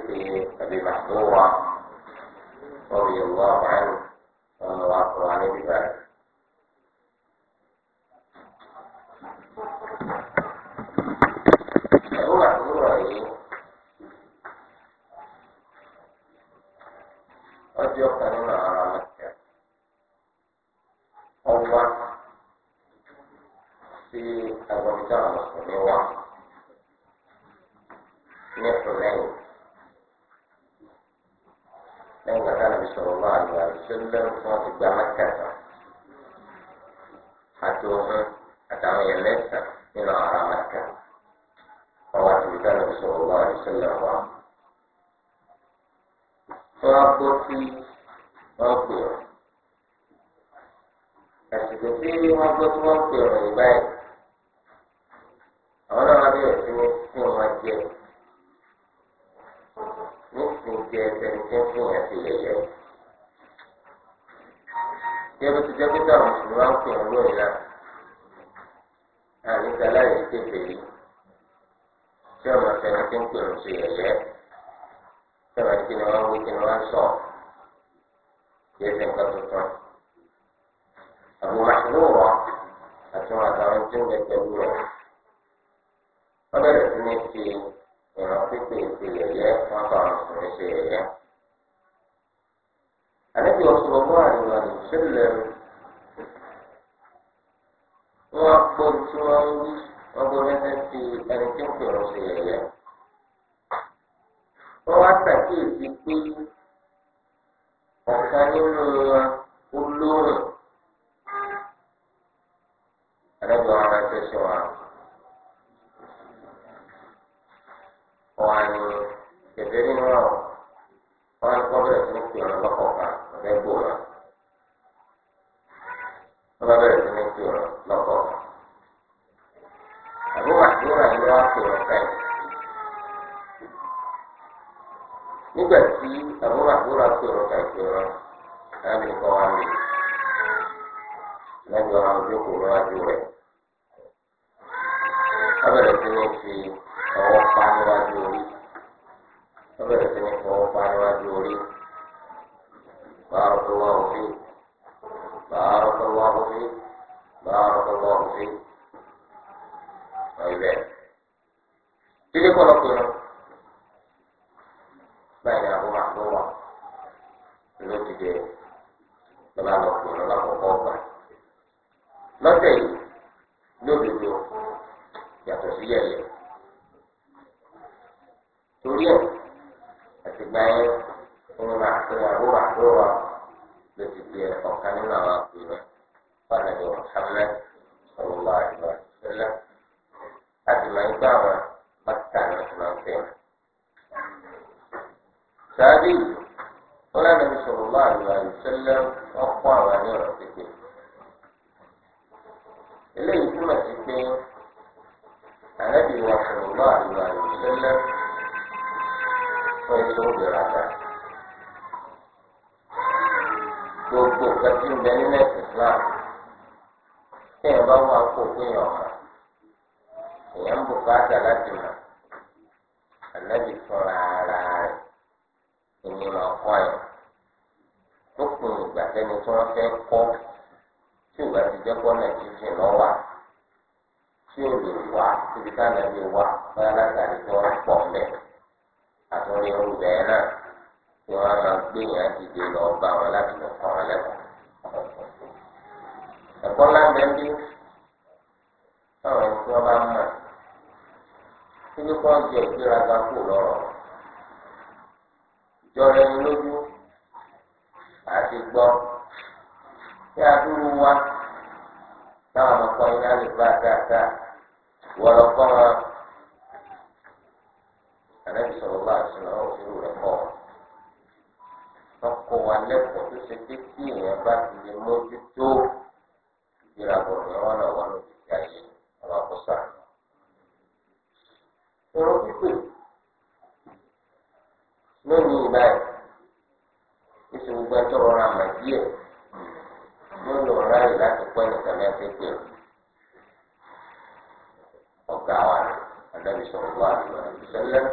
حديث أبي محذورة رضي الله عنه صلى الله عليه وسلم Okay. lọ́ra ojókòó níwájú rẹ̀ abẹ́rẹ́ sí ní fi ọwọ́ pa níwájú orí abẹ́rẹ́ sí ní fi ọwọ́ pa níwájú orí báàrọ̀ tó wá òfin báàrọ̀ tó wá òfin báàrọ̀ tó wá òfin ọ̀yẹ̀bẹ̀ dídí kọ́lọ́kùnrin. lọ ti jẹ lọba lọ pè lọba kọkọ gbà lọ́tẹ̀ yìí lódodo yàtọ̀ sí yẹ̀yẹ̀ torí ẹ̀ àtìgbà yẹn ẹni máa pè àbúrò àbúrò wa ló ti di ọ̀kan nínú àwọn àpèrè fàlàyé Muhammad sọlọ́lá àdìgbà sẹ́lẹ̀ àti máa ń gbà wọn mọ́tà ní ìmọ̀ọ́fẹ́ wọn. sáájú yìí wọ́n lánàá sọlọ́lá àdìgbà sẹ́lẹ̀ ọ̀pọ̀ àwọn àníyàn pípé eléyìí túmọ̀ sí pé ànábì wa sọ̀rọ̀ lọ́wọ́ àdúrà ìṣẹ́lẹ̀ fún ẹ̀ṣọ́ ìgbéraga. gbogbo nǹkan tí ń bẹ nínú ẹ̀sìn Islam tí èèyàn bá wà kó péyàn ọ̀mà èèyàn ń bùkátà láti mọ̀ ànábì fúnra ara rẹ̀ ìnìmọ̀ ọ̀kọ́ ẹ̀ lópin ìgbà tẹ́ni tí wọ́n fẹ́ kọ́ tí ìgbà ti jẹ́ pọ́nà jíjìn lọ wà tí ò lè wà síbi táwọn ẹbí wà báyà látàrí tí wọ́n pọ̀ mẹ́ àtúnrí irú bẹ́ẹ̀ náà tí wọ́n máa gbé yẹn dìde lọ bá wọn láti lọ kọ́ wọn lẹ́kọ̀ọ́. ẹ̀kọ́ ńlá bí táwọn tí wọ́n bá mọ̀ nínú kan jẹ ìgbéraga kù lọ́rọ̀ ìjọra ẹni lójú àti gbọ́ kí adúrú wa táwọn ọmọkọ yín náà lè bá dáadáa wọ́n lọ kọ́ wọn. Ànábì sọ̀rọ̀ bá àṣìlọ òṣèlú rẹ̀ kọ́ wọn kọ́ wa lẹ́kọ̀ọ́ tó ṣe pé kí èèyàn bá ti lè mójútó ìgbéra bọ̀rọ̀ yẹn wọn náà wà lójú ìgbà yìí ọba kó sàn. pípé lónìí báyìí. Gracias.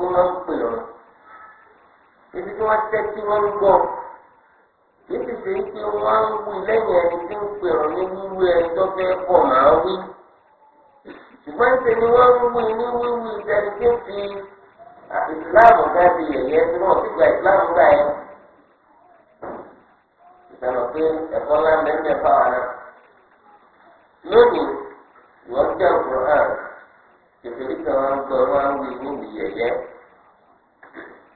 tí wọ́n ń pè ọ́ ibi tí wọ́n tẹ́ tí wọ́n ń gbọ́ yìí ti ṣe pé wọ́n ń wí lẹ́yìn ẹni tí ń pè ní wíwú máa wí ṣùgbọ́n ṣe ni wọ́n ń wí ní wíwú fi ìsìláàmù yẹ̀yẹ́ tí wọ́n ti gba ìsìláàmù kẹfìrí kan wọn gbọ́ wọn wí ní ìyẹyẹ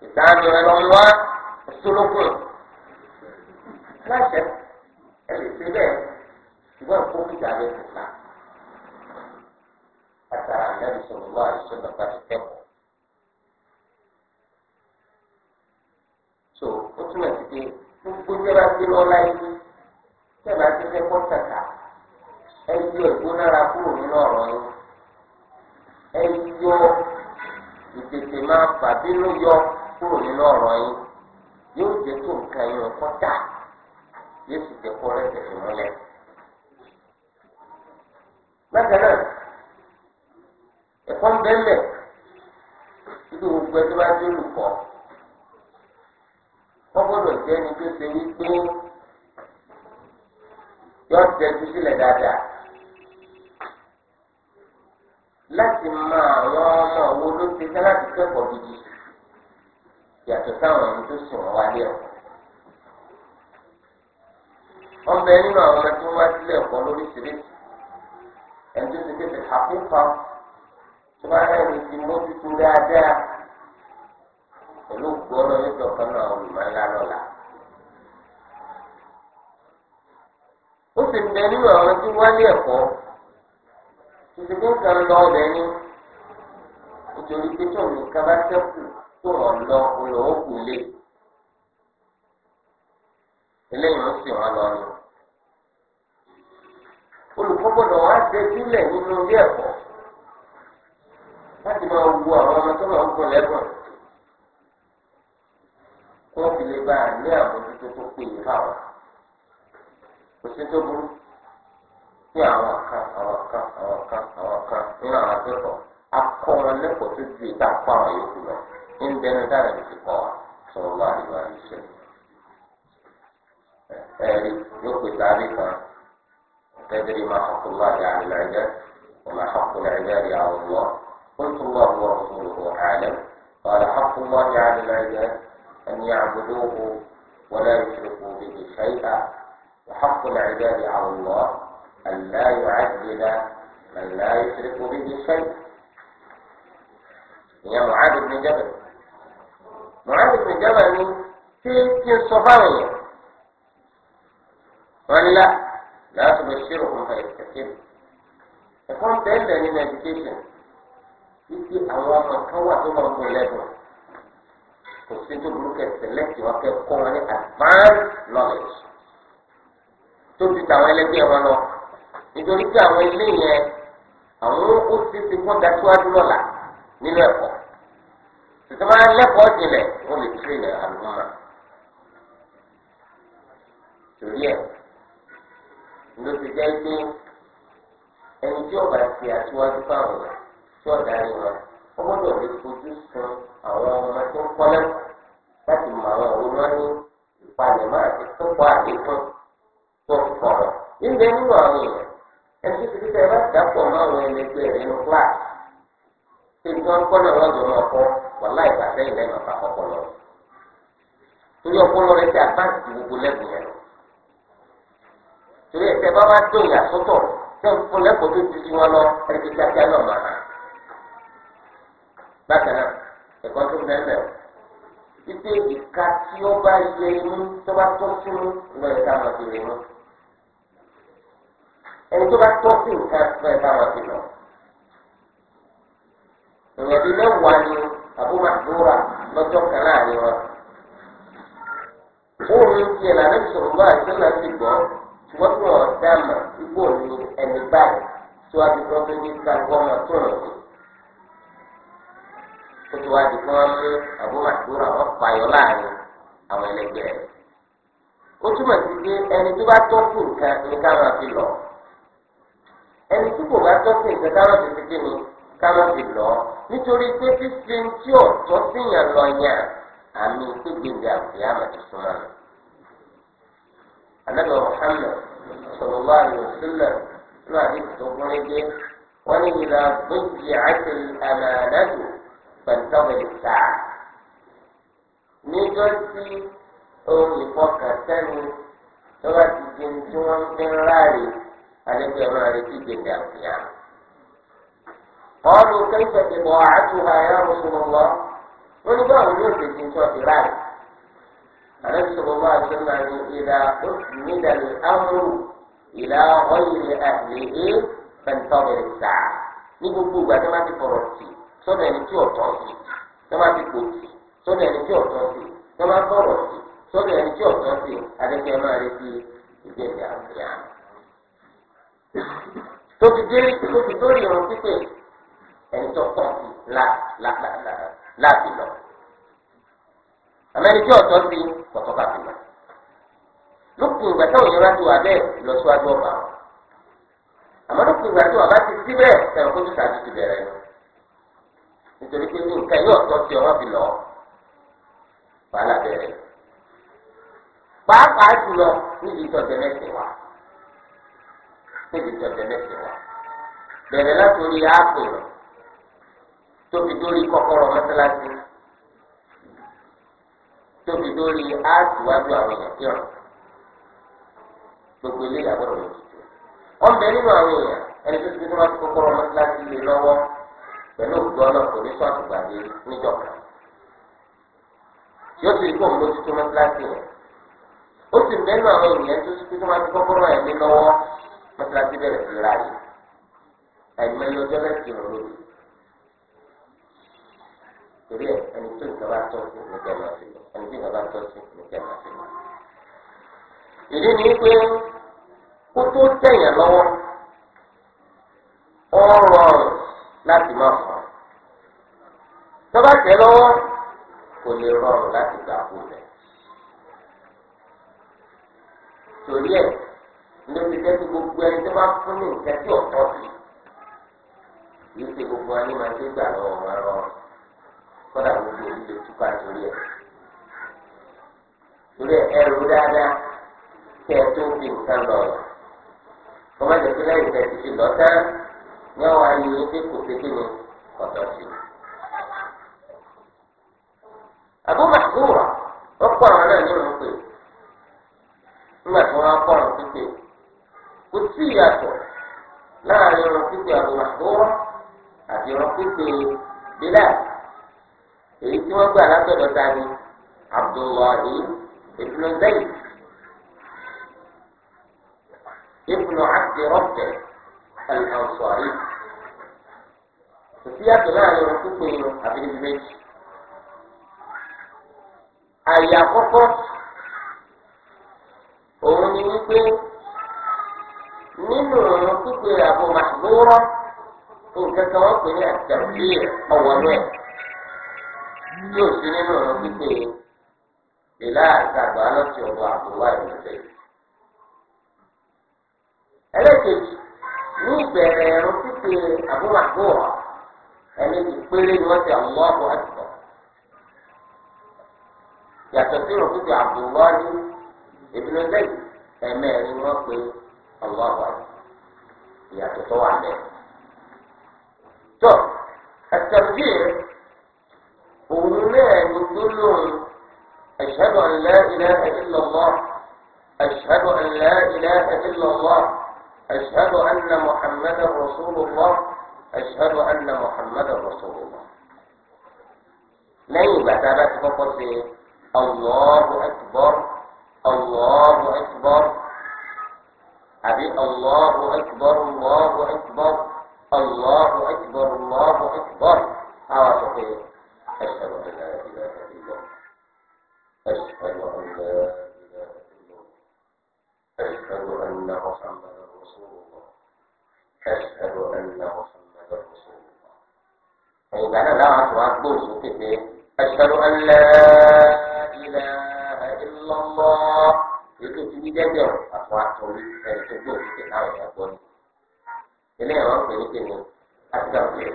ìtaàní ẹ lọ wá solókùn láṣẹ ẹ lè ṣe bẹ́ẹ̀ ṣùgbọ́n kó kíkà lè fò ká àtàrà sọ̀rọ̀ wá àìsàn bàbá ti kẹ́kọ̀ọ́. so ó túmọ̀ sí pé gbogbo jẹ́ bá gbé lọ́la yìí jẹ́ bá ti fẹ́ kọ́ tàkà ẹ yí ẹ̀gbọ́n náírà kúrò nínú ọ̀rọ̀ yìí. ẹ yọ ìtètè máa fàbínú yọ kúrò nínú ọ̀rọ̀ yín yóò jẹ́ tó nǹkan yín ọkọ dà yóò sì jẹ́ kó rẹ̀ tẹ̀lé múlẹ̀. bákan ń títí gbogbo ẹtí bá dé wọ́n gbọ́dọ̀ jẹ́ ṣe wípé tẹ́jú sílẹ̀ dáadáa. láti mọ àwọn ọmọ wo ló ti fẹ́ láti kẹ́kọ̀ọ́ gidi yàtọ̀ sáwọn ẹni tó sùn wọn wálé ọ̀. wọ́n bẹ nínú àwọn ọmọ tí wọ́n wá sílẹ̀ ọ̀pọ̀ lóríṣiríṣi ẹni tó ti kéde àkókò tó bá rẹ̀ ní ti mójútó dáadáa pẹ̀lú gbọ́dọ̀ yóò kan náà olùmọ̀lá lọ́la. ó sì bẹ nínú àwọn tí wọ́n wá ní ẹ̀kọ́ títí pé nǹkan lọ ọbẹ̀ ní nítorí pé tó nìkan bá sẹ́kù tó wọ́n lọ olówó kù lé eléyìí ló sì wọ́n lọ ni. olùkọ́ gbọ́dọ̀ wá ṣe sílẹ̀ nínú ilé ẹ̀kọ́ láti máa wo àwọn ọmọ tó máa ń gbọ́ lẹ́gbọ̀n kó fi lè bá a ní àbójútó tó péye fáwọn kò sí tó burú sí àwọn kan àwọn nínú àwọn akẹ́kọ̀ọ́ akọ́ wọn lẹ́kọ̀ọ́ tó ju ìta àpá àwọn yòókù lọ ń bẹnu dára ní ti kọ́ wa sọ̀rọ̀ wá ìwà ìṣe. ẹ̀rí yóò pè sáré kan tẹ́tẹ́rì máa hàkú láàyè àlùláyé وما حق العباد على الله قلت الله ورسوله أعلم قال حق الله على العباد أن يعبدوه ولا يشركوا به شيئا وحق العباد على الله أن لا يعدل من لا يشرك به شيء ìyẹn Mu'adh ibn Jabal Mu'adh ibn Jabal ni tí kí n sọ fáwọn yẹn wọn la láti lọ ṣírò fún ẹ kẹkẹ ẹ̀kọ́ bẹ́ẹ̀ nínú education títí àwọn ọmọ kan wà tó máa ń bọ lẹ́dùn kò sí tó burú kẹ select wọn kẹ kọ́ wọn ní advanced knowledge tó ti tàwọn ẹlẹgbẹ́ wọn lọ nítorí pé àwọn ilé yẹn. àwọn ó ti ti kọ́ dasíwájú lọ́la nínú ẹ̀kọ́ tuntun máa ń lẹ́kọ̀ọ́ jinlẹ̀ wọ́n lè tún ilẹ̀ àlùmọ́ra torí ẹ̀ ló ti jẹ́ pé ẹni tí ọba ti aṣíwájú fáwọn ọ̀la tí ọ̀dà rí wọn ọgbọ́dọ̀ lè fojú sun àwọn ọmọ tó ń kọ́ láti mọ àwọn òun wọn ní ẹtí ti tẹ bá dàpọ̀ mọ́ àwọn ẹlẹgbẹ́ rẹ nínú kíláàsì tí wọ́n kọ́ náà lọ́dọ̀ náà kọ́ wà láì bàtẹ́ ìlẹ́ náà fà kọ́kọ́ lọ. torí ọpọlọ rẹ ti àbáǹtì gbogbo lẹ́bùn yẹn. torí ẹ̀sẹ̀ bá wá dé ìyàsọ́tọ̀ tẹ́ ń fún lẹ́kọ̀ọ́ tó ti di wọn lọ ẹ̀rẹ́dì kíákíá náà máa hàn. bákan náà ẹ̀kọ́ tó mẹ́mẹ́ o wípé ìka tí ẹni tó bá tọ́ sí nǹkan fún ẹ bá lọ. èèyàn bíi mẹ́wàá ni àbúmọ̀dúnrà lọ́jọ́ kan láàrin wọn. òun ti ẹ̀ lànà ìṣòro bá àìsílẹ̀ ti gbọ́ ṣùgbọ́n tí wọ́n dá mà ipò ní ẹni báyìí tí wọ́n á fi gbọ́ pé ní kálukọ́mọ tó rọ̀ sí. ó ti wá di fún wọn mú àbúmọ̀dúnrà wọn payọ láàrin àwọn ẹlẹgbẹ́ rẹ̀. ó túmọ̀ sí pé ẹni tó bá tọ́ sí nǹkan ní ká fi lọ ẹni tí kò bá tọ́sí nǹkan kárọ̀tì ti kí ni kárọ̀tì lọ nítorí pé fífi tí ò tọ́ sí yàn lọ yàn àmì ìpégbèndé àfihàn ti súnmọ́ nù. anábẹ́ Muhammad sallallahu alaihi wasallam ní àdéhùn tó kún lédè wọ́n ní ìlà gbèjì àti àmàlẹ́dù pẹ̀ntọ́bẹ̀ sáà. níjọ́ tí ohun ìfọkàntẹ́nu tó bá ti di tí wọ́n ń gbé ńlá adékè máa retí gbèsè àfihàn. قالوا كيف بضاعتها يا رسول الله ونبغى نوجد تنتوى في رأي النبي صلى الله عليه وسلم إذا أسند الأمر إلى غير أهله فانتظر الساعة نقول بوبا كما تفرط فيه sọ́dọ̀ ẹni tí ọ̀tọ̀ sí tọ́ba ti kò sí sọ́dọ̀ ẹni tí ọ̀tọ̀ sí tọ́ba sọ̀rọ̀ sí sọ́dọ̀ ẹni tí ọ̀tọ̀ sí adékẹ́ máa retí ìgbéga ìyá tó fi dé tó fi dórí irun pípé ẹni tó pọ̀ sí láti lọ àmẹ́ni tí ọ̀tọ́ sí ọ̀tọ́ bá ti lọ lópin ìgbà táwọn èèyàn bá ti wà bẹ́ẹ̀ ìlọsíwájú ọba àmọ́ lópin ìgbà tí wà bá ti sí bẹ́ẹ̀ ẹ̀rọ kó tún tàbí ti bẹ̀rẹ̀ lọ nítorí pé ní nǹkan yóò tọ́ sí ọ wọ́n fi lọ wàhálà bẹ̀rẹ̀ pàápàá jùlọ níbi ìtọ́jẹ mẹ́sìn wa síbi tọ̀tẹ̀ mẹ́sìn wa bẹ̀rẹ̀ látòrí áàpù tóbi dórí kọ́kọ́rọ́ mọ́sálásí tóbi dórí áàpù wájú àwọn èèyàn kí ọ̀rọ̀ gbogbo ilé ìyàwó rẹ̀ lójijì wọ́n bẹ nínú àwọn èèyàn ẹni tó ti máa ti kọ́kọ́rọ́ mọ́sálásí lé lọ́wọ́ pẹ̀lú òkúta náà kò ní sọ́ọ̀tù gbàgbé níjọba yóò ti kó mójútó mọ́sálásí yẹn ó sì bẹ́ẹ̀ nínú àwọn èèyàn tó ti máa ti ẹ̀ lé lọ́wọ́ mọ́sálásí bẹ̀rẹ̀ sí ráàyè àìmọye ọjọ́ mẹ́sì ọ̀rọ̀ lórí torí ẹ ẹni tó nǹkan bá tọ́ sí ní kẹ́mà sí ẹni tí nǹkan bá tọ́ sí ní kẹ́mà sí. ìdí ni pé kó tó tẹ̀yàn lọ́wọ́ ó láti máa wọn ní máa dé gbà lọ́wọ́ wọn lọ́rùn kódà gbogbo èyí lè túká torí ẹ̀ torí ẹrù dáadáa kẹ́ ẹ tó fi nǹkan lọ rẹ̀ kó má jẹ́ pé lẹ́yìn tẹ̀ ti fi lọ ní ọ̀wá yìí kò sí. àbúrò wọ́n pọ̀ ìrun pípé bílẹ̀ èyí tí wọ́n gbà látọ̀dọ̀ ta ni abdullahi ibn zayd ibn abdi rabbi al-ansari òsì yàtọ̀ láàrin ìrun pípé irun àbí níbi méjì àyè àkọ́kọ́ òun ni wípé nínú ìrun pípé àbò màdúrà nǹkan kan wọ́n pè ní àtẹ̀wé ọ̀wọ́nú ẹ̀ tí ò sí nínú ọ̀rọ̀ pípé ìlà àgbàgbà lọ́sí ọ̀dọ̀ àbúrò àìmọ̀tẹ́. ẹlẹ́kejì ní ìbẹ̀rẹ̀ ẹ̀rọ pípé àbúrò àbúrò ẹni tí péré ni wọ́n ti àwọn ọ̀bọ̀ àtìkọ́. yàtọ̀ sí ìrọ̀ pípé àbúrò ní ìbílẹ̀ lẹ́yìn ẹ̀mẹ́rin wọ́n pe àwọn ọ̀bọ̀ ìyàtọ̀ tó wà lẹ́yìn. طب التكبير قولنا كلهم أشهد أن لا إله إلا الله أشهد أن لا إله إلا الله أشهد أن محمدا رسول الله أشهد أن محمدا رسول الله لين بعد فقط الله أكبر الله أكبر أبي الله أكبر الله أكبر الله أكبر الله أكبر عرفت إيه؟ أشهد أن لا إله إلا الله أشهد أن لا إله إلا الله أشهد أن محمدا رسول الله أشهد أن محمدا رسول الله أي أنا لا أعرف أقول أشهد أن لا إله إلا الله يكتب جدر أقوى أقول kí ni àtàwé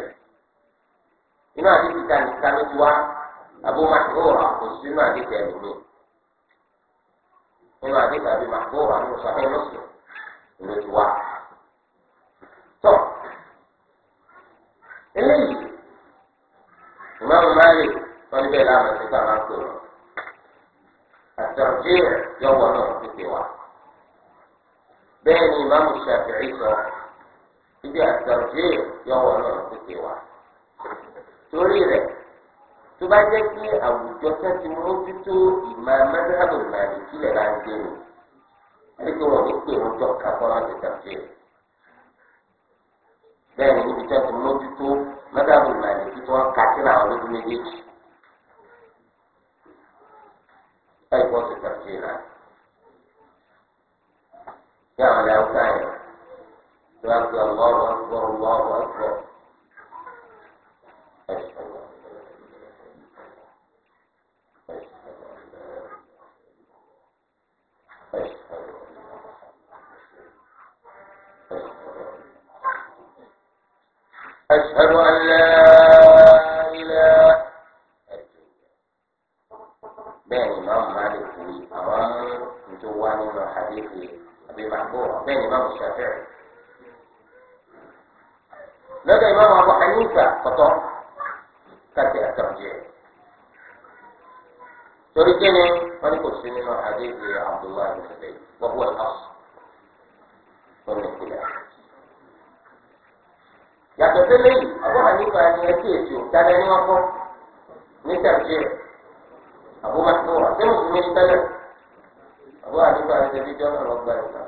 nígbà tí ẹbí jọ́nà lọ gba ìgbà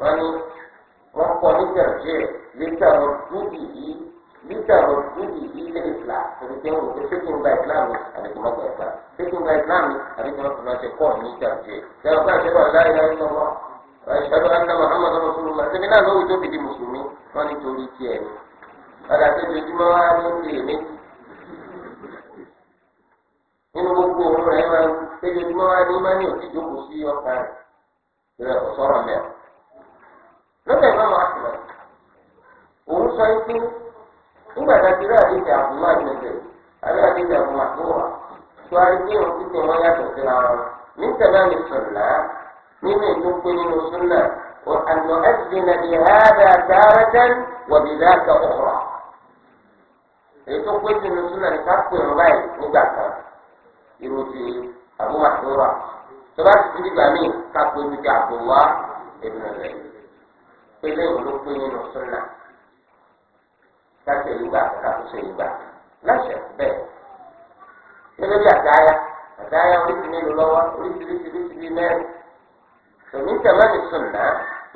wọn ni wọn kọ ní tẹ̀lé lítà lọ dúdì yìí lítà lọ dúdì yìí lè fìlà torí pé wọn kò sékì ń gba ìsìlámù àdìgbò má gba ìsìlámù sékì ń gba ìsìlámù àdìgbò má fi máa ṣe kọ́ ní tẹ̀lé lẹ́yìn ọ̀gá ìṣẹ́bà láìláì lọ́wọ́ ìṣẹ́bà ńlá muhammadu rasulullah ṣẹ́bi náà lówó tó fi di mùsùlùmí wọn ni torí tiẹ̀ ni padà tó dojúmọ́ wá ní ilé mi nínú gbogbo òun rẹ̀ máa ń tẹjọjúmọ́ wa ní imáni òtí jókòó sí ọkàn rẹ̀ rẹ̀ kò sọ̀rọ̀ lọ́dọ̀ máa òun sọ ikú nígbà tá a ti rí àdéhùn àbúrò àjẹsẹ̀ àbí àdéhùn àbúrò àbúrò tó a òun ti tẹ̀ wọ́n yàtọ̀ síra wọn ní tẹ̀lé àmì sọ̀lá nínú ìdókòó nínú súnà أن نؤذن بهذا تارة وبذاك أخرى èyí tó pé sínú súnà ní ká pè ń báyìí nígbà kan irú Abu Masura tọba ti di gbà míì kápẹ́ ibi tí Abdullah ibn rẹ̀ pélé olóko nínú súnà kápẹ́ ìlú gbà kápẹ́ ìlú gbà láṣẹ bẹ́ẹ̀ pélé bí àdáyà àdáyà oríṣi mélòó lọ́wọ́ oríṣi oríṣi oríṣi bíi mẹ́rin tòmí tẹ̀lé ní súnà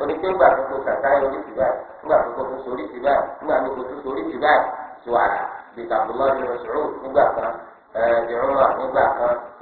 oníkégbà tó kó sàtáyà oríṣi báyìí nígbà tó kó tó sọ oríṣi báyìí nígbà tó kó tó sọ oríṣi báyìí tó àrà bí Abdullah ibn Mas'ud nígbà kan ẹ̀ẹ́dì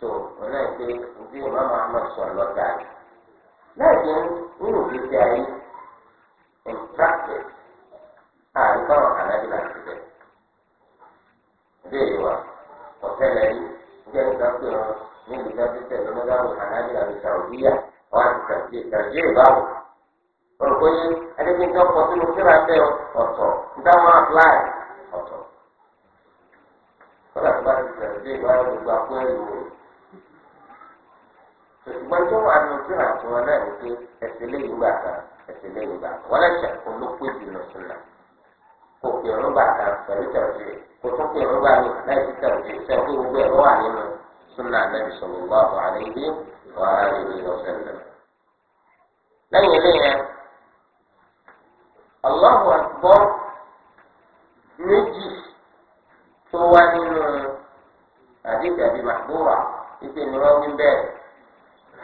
so ọ̀nà ìpè ntí imam ahmed sọ lọ́dà yìí lẹ́yìn nínú ìgbésí ayé in practice àríkà wọn náà ti bẹ̀. ìbéèrè wa ọ̀tẹ́lẹ̀ yìí ǹjẹ́ nǹkan pé wọn níbi tí wọ́n ti tẹ̀lé mọ́tàbù náà ti sàrùbíyà wọn àti tàbí tàbí ìbáwò. olùkọ́ yìí adébíyìntì ọkọ̀ tó kíra bẹ́ẹ̀ ọ̀tọ̀ nítawọn apply ọtọ kọ́lá tó bá ti tẹ̀lé ìbáwò gbogbo àpò ẹ̀rù rẹ̀. ṣùgbọ́n tó wà ní ojú àti wọn náà ní pé ẹ̀sìn lè yígbà kan ẹ̀sìn lè yígbà kan wọn lẹ́sẹ̀ kó ló pé jùlọ kò kan pẹ̀lú kò tún mí láì gbogbo ẹ̀rọ wà nínú súnà nàbì sọ̀rọ̀ wà wà níbi wà á rí ní lẹ́yìn eléyẹn Allahu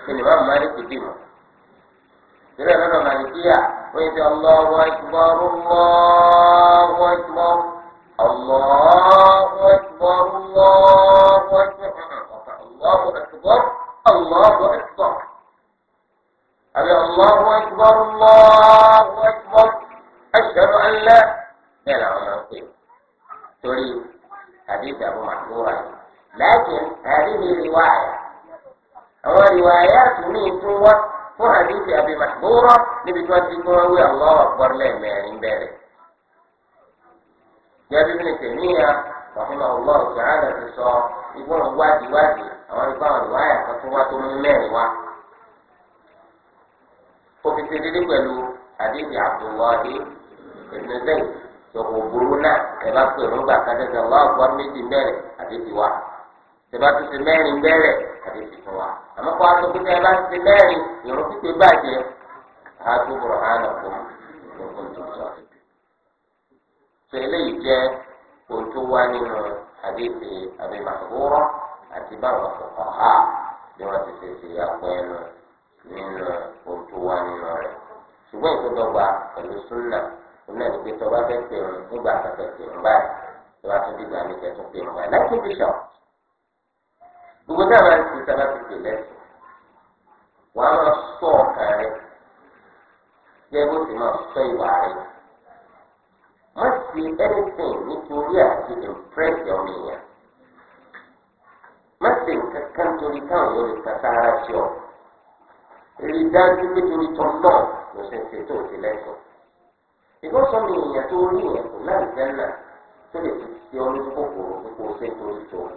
الإمام مالك يديمه ترى لنا مالكية ويقول الله أكبر الله أكبر الله أكبر الله أكبر الله أكبر الله أكبر أبي الله أكبر الله أكبر أشهد أن لا إله إلا الله تريد حديث أبو محمود لكن هذه رواية àwọn ìwàyà tùmí tún wá fún àdìsí àbí màbúrọ níbi tí wọn ti ti sọ ìgbọ́n wádìí wádìí àwọn ìgbà wọn ìwàyà kan tún wá tó mú mẹ́rin wá. ó fi ṣe dídí pẹ̀lú àdìsí Abdullahi ibn to sọ̀kò burú náà ẹ bá pè nígbà kan tẹ̀sán Allahu Akbar méjì bẹ̀rẹ̀ wa. tẹ bá àdéhùn fún wa àmọ́ kó aṣọ pípẹ́ bá ti mẹ́rin ìrún pípẹ́ bàjẹ́ àádó bọ̀rọ̀ hánà fún gbogbo tuntun. sọ eléyìí jẹ́ ohun tó wá nínú àdéhùn àbẹ̀màkúrọ̀ àti báwọn ọ̀kọ̀ ha bí wọ́n ti ṣèṣe àpò ẹnu nínú ohun tó wá nínú rẹ̀. ṣùgbọ́n ìtọ́jọba pẹ̀lú súnà onílẹ̀ ní pé fẹ́ pè ń gbà fẹ́ pè ń báyìí gbogbo tí a bá ti sábà ti pè lẹ́sìn wàá máa sọ ọkàn rẹ jẹ́ bó ti máa sọ ìwà rẹ má ṣe anything nítorí àti impress your èèyàn má ṣe nǹkan kan torí káwọn yóò lè kàtà ara sí ọ rí i dájú pé torí tọ́ náà ló ṣe ń ṣe tó ti lẹ́sìn ìgbọ́sọ̀ mi èèyàn tó rí yẹn kò láì jẹ́ náà tó lè fi ṣe ọ lójú kòkòrò pé kò ṣe torí tó rí.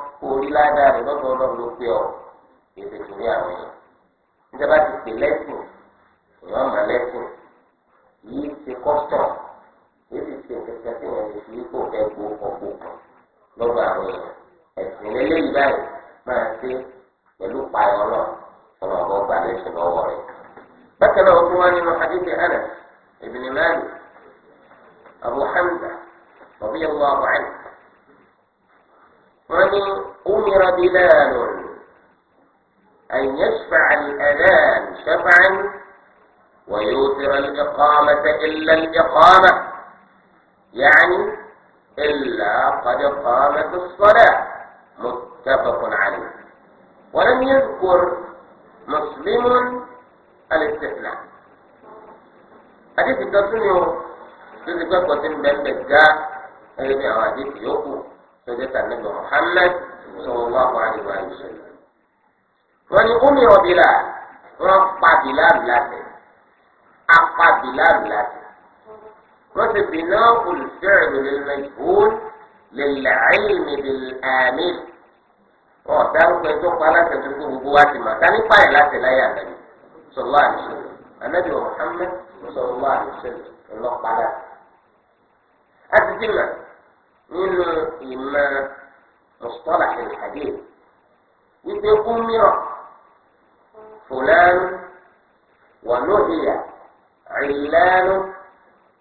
orí ládàá rẹ̀ lọ́dọ̀ ọlọ́run ló pé ọ èdè torí àwọn èèyàn níta bá ti pè lẹ́sìn èèyàn mọ̀ lẹ́sìn yìí ti kọ́sọ̀ èyí ti ṣe kẹ̀kẹ́ tí wọ́n ti fi ipò fẹ́ gbó ọ̀gbó kan lọ́dọ̀ àwọn èèyàn ẹ̀sìn lélẹ́yìí báyìí máa ṣe pẹ̀lú payọ́ náà ọ̀nà ọ̀bọ̀ gbà lẹ́sìn lọ́wọ́ rẹ̀. bákan náà ó tún wá nínú hadithi Anas ibn Malik Abu Hamza radiyallahu anhu wọ́n ní. أمر بلال أن يشفع الأذان شفعا ويوتر الإقامة إلا الإقامة يعني إلا قد قامت الصلاة متفق عليه ولم يذكر مسلم الاستثناء حديث التصنيع تذكر قتل بن بكاء أي بأحاديث يوكو سيدة النبي محمد sọ̀rọ̀ bá wà ní wàá yìí sọ̀rọ̀. wọ́n ní omi ọ̀bìlà wọ́n pa bìláàbù láti apá bìláàbù láti. wọ́n ti bìnà olùfẹ́rẹ̀ lè mẹ́jọ́n lè làáyìn níbi àmì. wọ́n dárúkọ ẹjọ́ pa aláṣẹ tó kó gbogbo wa ti mọ̀ ta nípa ẹ̀ láti láyé àtẹ̀yìn sọ̀rọ̀ àdìsọ̀ ànábì Muhammad sọ̀rọ̀ àdìsọ̀ ọlọ́pàá láti. a ti dì mà nínú ìmọ̀ مصطلح الحديث wípé أمر فلان ونهي علان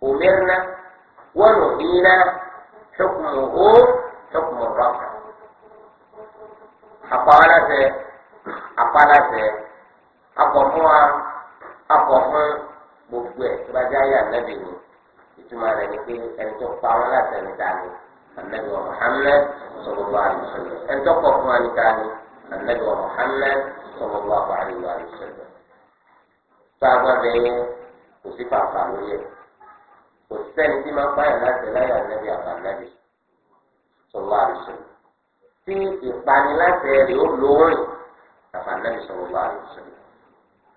أمرنا ونهينا حكمه حكم الرفع أقالت أقالت أقومها أقوم gbogbo ẹ tó bá dé ayé ànábì ni ìtumọ̀ rẹ̀ ni pé ẹni tó pa wọn láti ẹni dání النبي محمد صلى الله عليه وسلم أن تقف عن ثاني النبي محمد صلى الله عليه وسلم فأبا بيه وصفة قانونية والثاني دي ما قال لا تلاقي النبي أبا النبي صلى الله عليه وسلم في إقبال لا تلاقي لون أبا النبي صلى الله عليه وسلم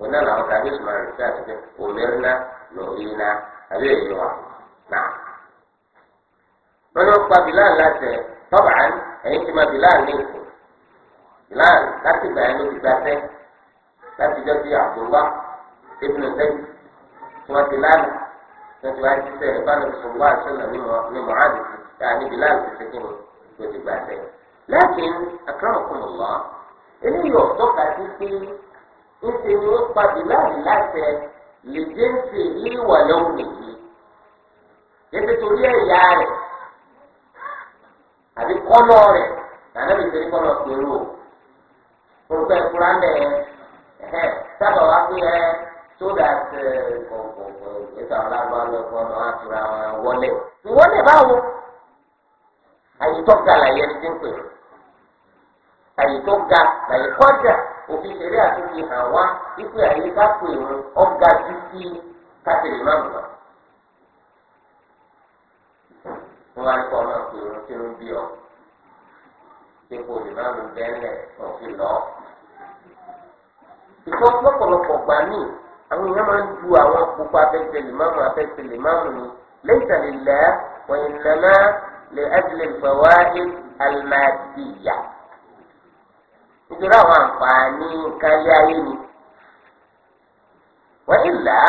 هنا لو كان يسمع الرسالة أمرنا نهينا هذه هي نعم wọn lọ pa bilal láti ẹ tọ́ba ẹ̀yin ti ma bilal ní ìsìn bilal láti gbà yẹn ló ti gbàtẹ́ láti jọ sí Abdullah ibùdó sẹ́yìn tí wọ́n ti lánàá tí wọ́n ti wáyé sísẹ́ rẹ̀ bá wá àṣọlọ ní mọ̀hánì tá a ní bilal ti ṣe kíni ló ti gbàtẹ́. lẹ́kìn akramakumullah eléyìí ọ̀tọ́ kà sí pé ńṣe ni ó pa bilal láti lè dé ń ṣe ilé ìwà lọ́wọ́ nìyí. ètò torí ẹ̀yà rẹ̀ àbí kọ́lọ̀ rẹ̀ nànà bìtẹ́ ní kọ́lọ̀ pẹ̀lú o orúkọ ẹ̀kúrá ń bẹ̀ ẹ̀ sábà wá pé sódà kọ̀ọ̀kọ̀ọ̀kọ̀ wa wọn wọlé ìwọlé báwo àyè tó ga làyè ẹni tí ń pè àyè tó ga làyè kọjá òfin àti wá àyè ká pè ọ̀gá sí máa mú wa. wọn wá kọ ọmọ kìrún kìrún bí ọ dípò ìmáàmù bẹ́ẹ̀lẹ̀ òfin lọ. ìfọwọ́pọ̀lọpọ̀ gbà mí àwọn èèyàn máa ń ju àwọn pupa abẹ́sẹ̀ lèmáàmù abẹ́sẹ̀ lèmáàmù ni lẹ́yìn lillah wa innama li ajli al-fawaid al-madiyya. nítorí àwọn àǹfààní káyé ayé ni. wọ́n ìlà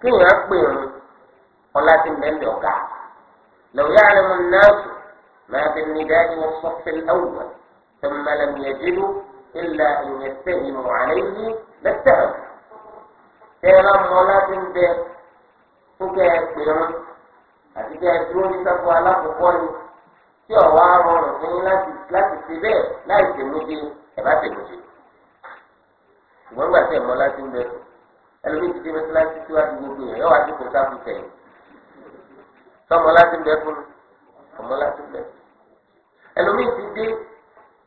kéèyàn pè ń ọlá tí ń bẹ́ẹ̀ لو يعلم الناس ما في النداء والصف الأول ثم لم يجدوا إلا أن يتهموا عليه لاتهموا تيرا مولا به، فكا يتهمون àtijọ́ ẹdúró ní sáfù alákòókò ni tí ọ̀wá rọrùn fún yín láti láti ṣe bẹ́ẹ̀ láì tèmúdé ẹ̀bá tèmúdé. ṣùgbọ́n gbà tẹ̀ mọ́ láti ń bẹ ẹlòmíì ti dé mẹ́sàlásí síwájú gbogbo yẹn yọ wá sí kò sáfù tẹ̀yìn sọmọ láti bẹ fún mi ọmọ láti bẹ ẹlòmíì ti dé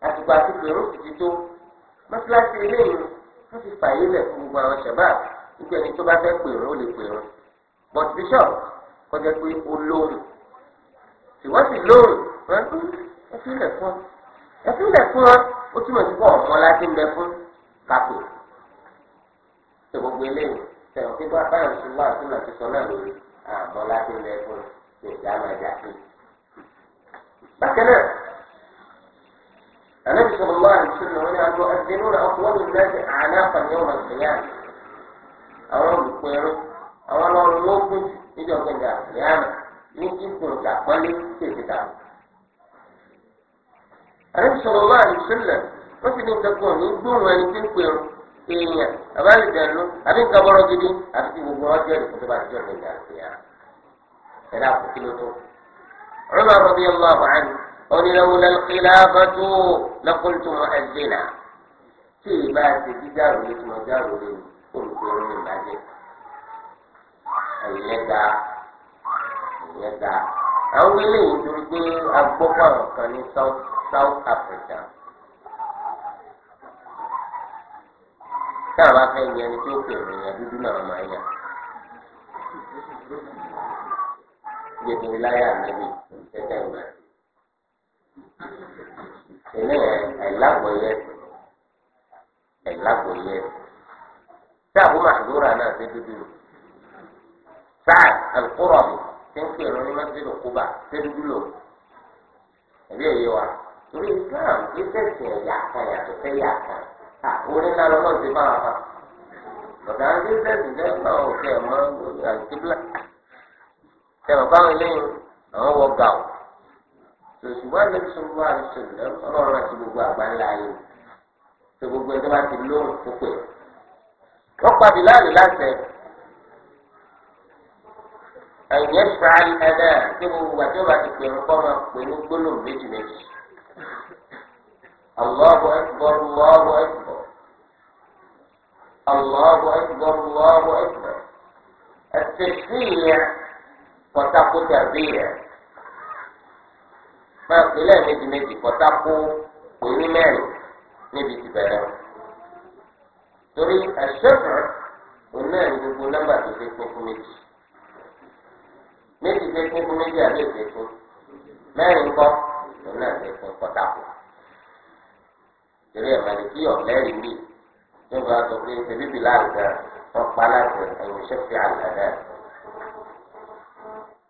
àtìgbà tí pèrò sì ti tó mọ́tíláṣí eléyìí wọ́n ti fàyè lẹ̀ fún gbogbo àwọn ṣẹ̀bá nígbà ẹni tó bá fẹ́ pèrò ó lè pèrò but bishop kọjá pé ó lóhùn tìwọ́n sì lóhùn wọ́n tún ẹfílẹ̀ fún ọ ẹfílẹ̀ fún ọ ó túmọ̀ sí pé ọmọ láti bẹ fún kàpè tó gbogbo eléyìí tẹ̀wọ́n pé bá báyọ̀ ṣùgbọ́n àti nàìjíríà náà lórí àmọ́ láti bẹ fún ọ. ìjà àmàjà sí. bákan náà anabi sọ̀rọ̀ lọ́wọ́ àti sọ̀rọ̀ wọn ni a ẹ̀dínú náà ọkọ̀ wọn náà ti àná àpànyẹ́ wọn àgbẹ̀yà àwọn olùpẹ̀rù àwọn ọlọ́run ló kún níjọ́ gbẹ̀dẹ̀ àgbẹ̀yà ní kíkùn ìtàpọ́nlé tètè dàrú. anabi sọ̀rọ̀ lọ́wọ́ àti sọ̀rọ̀ wọ́n ti ní kankan ní gbóhùn ẹni tí gidi ẹ̀dá kò kí ló tó. Umar radiyallahu anhu onílẹ̀wọlẹ̀ khilafatu laqultu mu'adhdhina tí ìbá ti di dárò lé tí mo dárò lé olùkóró ní ìbàjẹ́. ẹ̀yẹ́ da ẹ̀yẹ́ da àwọn eléyìí torí pé agbọ́pọ̀ àwọn kan ní South South Africa. táwọn afẹ́ yẹn ni tí ó pè mí yẹn dúdú náà máa yà yẹtùrí láyà nẹ́bí tẹ́tẹ́ ìgbà tí. Tẹ̀lé ẹ̀lágbọ̀yẹ ẹ̀lágbọ̀yẹ. Tí àbú màdúrà náà ṣe dúdú. Sáà ẹ̀kúrọ̀ mi ti ń pèrò ní Mẹ́sídìí Kúbà ṣe dúdú lò. Ẹ̀bí ẹ̀yẹ wa torí Islam kì í tẹ̀sìn ẹ̀yà kan yàtọ̀ fẹ́ yà kan. Orí náà lọ́nà bá wa fa. Bàtà ń gbé sẹ́sìn lẹ́gbàá òkè ẹ̀mọ́ àti kíbla kẹmọ báwọn eléyìí àwọn wọ gàù sòṣùwọ́n àdébí sọ̀rọ̀ wà lọ́sọ̀rọ̀ ọlọ́run àti gbogbo àgbáńlá yìí tó gbogbo ẹni tó bá ti lóhùn tó pè wọ́n pàdé láàrin láṣẹ ẹ̀yẹ fàáyì ẹ̀dá tó gbogbo àti ọba ti pè ń kọ́ máa pè ní gbólóhùn méjì méjì Allahu akbar Allahu akbar Allahu akbar Allahu akbar التشريع kọtako tẹ̀bíyà máa pè lẹ́ẹ̀mejì méjì kọtako pèrí mẹ́rin níbi ti bẹ̀rẹ̀ torí ẹ̀ṣẹ̀fẹ̀ òun náà ní gbogbo nọ́mbà tó fẹ́ pín fún méjì méjì fẹ́ pín fún méjì àbí èfẹ́ fún mẹ́rin kọ́ òun náà fẹ́ pín kọtako torí ẹ̀ máa lè kí ọ̀lẹ́rìí mi tó bá sọ pé ṣe bíbí láàrín náà wọ́n pa láti ẹ̀yìn ṣẹ́fẹ̀ àlẹ́ náà.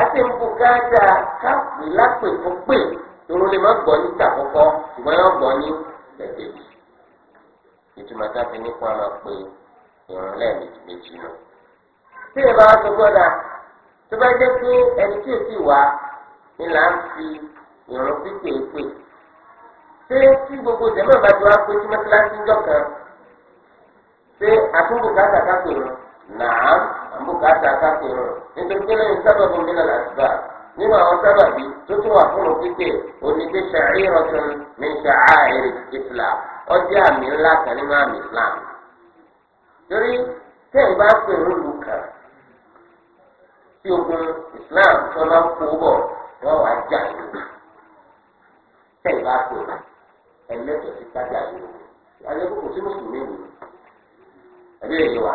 àti nbùkátà káfí lápè fún pè tóró lè má gbọ́ ní tàkọ́kọ́ ṣùgbọ́n yóò gbọ́ ní lẹ́ẹ̀kejì ìtumọ̀ káfí nípa ọmọ pé ìrún lẹ́ẹ̀mejì méjì nù. tí ìbá wa tó gbọ́dọ̀ tó bá jẹ́ pé ẹni tí ò sì wá ni là ń fi ìrún pípé pè ṣé tí gbogbo jẹ́mọ̀ bá ti wá pé tí mọ́tíláṣí ń jọ kan ṣé àtúnbùkátà káfí rún nàá àbúkátà kápẹ́rọ nítorí pé lẹ́yìn sábàbí mílíọ̀nù àtìbá nínú àwọn sábàbí tó tún wà fún òkúté onígbé ṣàìrọ̀tún mi ṣàáìrì islam ọjọ́ àmì ńlá kan nínú àmì islam. torí tẹ́ẹ̀ bá pèrò lù kàn tí ogun islam tó máa ń kó bọ̀ wọ́n wá jà ìlú. tẹ́ẹ̀ bá pèrò ẹlẹ́tọ̀ọ́ sí kájà ìlú. alẹ́ kò sí mùsùlùmí ni ẹ̀bí rẹ̀ yẹ wà.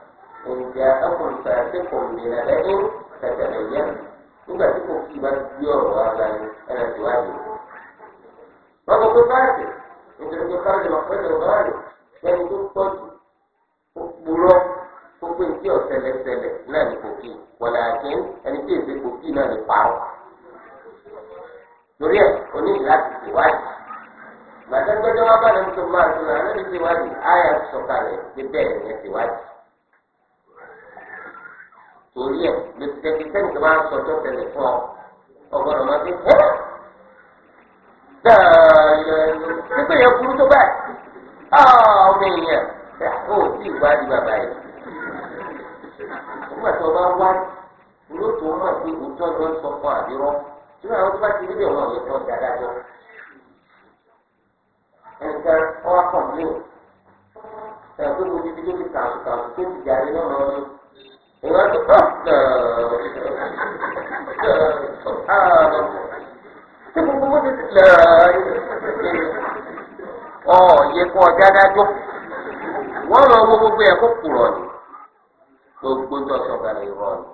إن جاءكم فاسق بنبأ فتبين nígbà tí kò kí ìbá ti ọ̀rọ̀ wa la ni ẹnà tí wàá yìí. wọ́n kò pé báàgì nítorí pé báàgì máa pẹ́ lọ báàgì lẹ́ni tó pọ̀ jù ó purọ́ ó pé ní tí ọ̀sẹ̀lẹ̀sẹ̀lẹ̀ náà ní kò kí wọ̀lá àti ẹni tí èsè kò kí náà ní parọ́. torí ẹ̀ oní láti ṣèwádìí. gbàdágbẹ́jọ́ wa bá lẹ́nu tó máa tó náà lẹ́nu ṣèwádìí áyà sọ̀kalẹ̀ gbé bẹ́ẹ̀ ní ṣèwádìí torí ẹ̀ lẹ́tẹ̀kí sẹ́ni tó bá sọ tó tẹ̀lé fún ọ ọgbọ́dọ̀ máa fi hẹ́ gbígbé yẹn burú tó báyìí ọmọ èèyàn ó sì wádìí bàbá yìí nígbà tó bá wá ló tó mọ̀ sí òótọ́ ló ń sọ fún àdírọ́ tí wọ́n àwọn tó bá ti rí bẹ́ẹ̀ wọ́n yẹ kó dáadáa jọ ẹnìkan ọwọ́ kọ̀ọ̀mù lé ẹ̀kọ́ ló ti di lórí kàwé kàwé tó ti jáde lọ́nà ọdún ìwà tó bá tí gbogbo bó ti tilẹ̀ ọ yẹ kó ọjà dájọ́ wọ́n lọ wo gbogbo ẹ̀ kó kúrọ̀ ni gbogbo tó sọ̀kalẹ̀ ìrọ̀ ni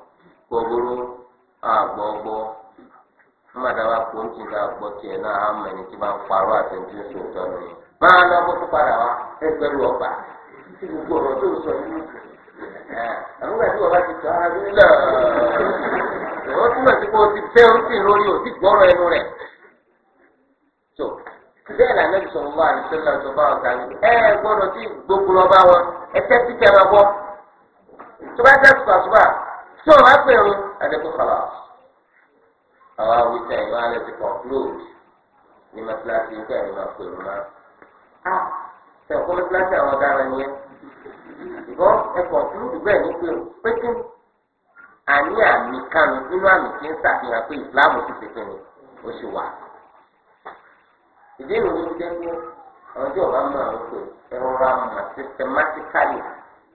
gbogbo àgbọ̀gbọ̀ mmadàwà kò ń tìta gbọ́ tiẹ̀ náà á mọ̀ ẹni tí bá ń parọ́ àti ẹni tí ń sòótọ́ nìyẹn máa lọ tó padà wá ẹgbẹ́ lu gbogbo ọ̀rọ̀ tó sọ yìí àwọn gbàtí wọ́n bá ti tọ́ ara nílò wọ́n túmọ̀ sí pé o ti fẹ́ o sì lórí o ti gbọ́rọ̀ ẹnu rẹ̀ tó bẹ́ẹ̀ ni anabi sọ̀rọ̀ wá àti sọ́lá tó bá ọ̀gá mi ẹ gbọ́dọ̀ tí gbogbo lọ bá wọn ẹ tẹ́ sí kẹ́ ẹ máa bọ́ tó bá dá sùpà sùpà tí wọ́n bá pè é adẹ́kùn kọ̀lá àwọn awùsà ìwọ́n alẹ́ ti conclude ní masilasi nígbà yẹn máa pè ah sẹ́wọ̀n kọ́ masilasi àwọn ọ̀daràn yẹn ṣùgbọ́n ẹ kọ̀ fún ìdúgbò ẹ̀ ní pé pé kí àní àmì kanu nínú àmì tí ń ṣàfihàn pé ìsìláàmù ti ṣe kíni ó ṣe wà. ìdí ìròyìn ló jẹ́ pé àwọn tí ọba máa ń pè é rọra mà systematically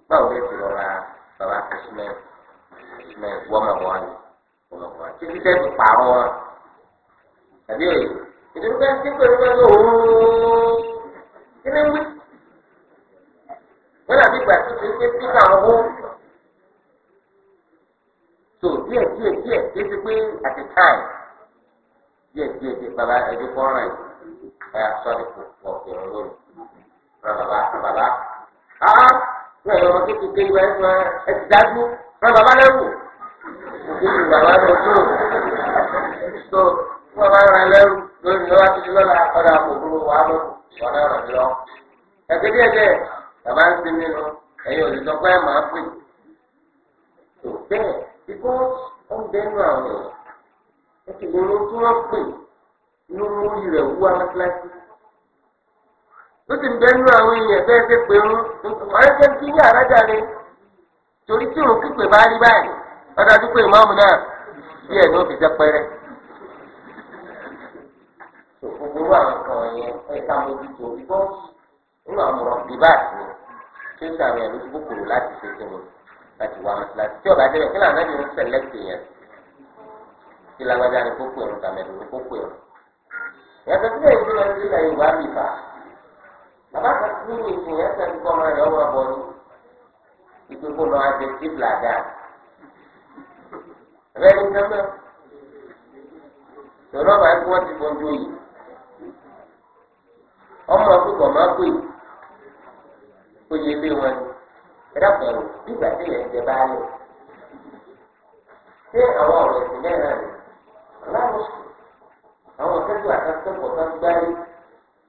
báwo lè ti rọra bàbá kashmir kashmir wọ́mọ̀wọ́ ni wọ́mọ̀wọ́ títí tẹ́ ti pààrọ̀ wọn. àbí òye ìdúró bá ń tí pẹ̀lú pẹ̀lú kí ni wí wọ́n dàbí ìgbà tí kìí ṣe píkà owó. tó díẹ̀ díẹ̀ díẹ̀ kìí ṣe pé at a time díẹ̀ díẹ̀ díẹ̀ bàbá ẹ̀dí fọ́nrán ẹ̀ sọ́ọ́dí kò pọ̀ kẹrin lórí rẹ bàbá bàbá. áá wọ́n ẹ̀rọ kékeré ìwé ẹ̀sán ẹ̀ ti dájú rẹ bàbá lẹ́wù. òkúrú bàbá lọ́jọ́ tó wọ́n bá ra lẹ́rù lórí lọ́wọ́ àti lọ́la ọ̀dà àpò òkúrú wàá lọ́wọ́ ọ̀dà ọ̀dà lọ́wọ́. ẹ̀gbẹ́ díẹ̀ díẹ̀ bàbá ń sinmi nu ẹ̀yin òṣìṣẹ́ pé ẹ̀ máa pè tó bẹ́ẹ̀ bíkọ́ ó ń bẹ́nu àwọn èèyàn ó ti lóru tí wọ́n pè inú orí rẹ̀ wú amákíláṣí ó ti ń bẹ́nu àwọn èèyàn bẹ́ẹ̀ ṣe pé ń ọ̀rẹ́ jẹ́ kí ní àrájà ni torí tí òun kíkpé bá rí báyìí ọ̀dà dúpọ̀ ìmọ̀ọ́mù náà bí ẹ̀ ó fi jẹ́ pẹ́rẹ́ gbogbo àwọn kan yẹn ẹ̀ka mojú tó bí bọ́ọ̀sì nínú àmọ̀ràn dìbàt ni tí ó sọ àwọn ẹ̀mí kúkúrú láti ṣe kí ni láti wá láti tí ọba jẹ́rẹ̀ kí làwọn ẹ̀mí ń sẹ̀lẹ̀tì yẹn kí lágbájá ni kókó ẹ̀rù tàmẹ̀dù ni kókó ẹ̀rù. yàtọ̀ sí èyí tí wọ́n ti lọ Yorùbá mi fà bàbá kan ní ìsìn yẹn sẹ́ni kọ́ ọmọ rẹ̀ ọwọ́ bọ́ ní ìpínpín lọ́wọ́ adé sí blàdà rẹ̀ ní sẹ́mẹ̀ tòun náà bá ń kí wọ́n ti fọ́njú ọmọ ọ̀gbìn kọ̀ máa gbé yìí ó yẹ pé wọn ẹ̀dá kan nígbà tí yẹn jẹ báyìí ṣé àwọn ọ̀rọ̀ ẹ̀sìn náà náà ni aláwọ̀ àwọn akẹ́kọ̀ọ́ àtàkùnkọ̀ kan gbáyé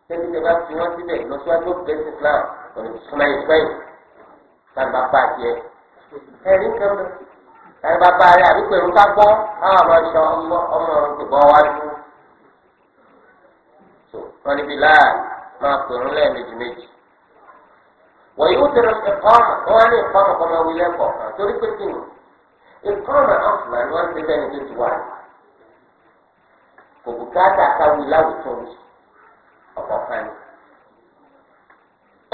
tẹ́lẹ̀ tẹ́lẹ̀ bá fi wọ́n síbẹ̀ lọ́síwájú bẹ́sì Islam ọ̀nà ìsúnmáyé ìsúnmáyé kàgbà pa àjẹ ẹ̀rí kan bẹ̀ ẹ̀rí bàbá rẹ̀ àbí pẹ̀lú ká gbọ́ àwọn àmọ́ ẹ̀ṣọ́ ọmọ ọmọ ìbọn wájú wọn níbi láàyè máa pèrún lẹ́ẹ̀mejì méjì ويوتر الإقامة هو أن إقامة كما ولا فوقها تريد الدين إقامة أصلا وأنت تاني جنس واحد وبكاتا كاوي لا وتونس أقوفاني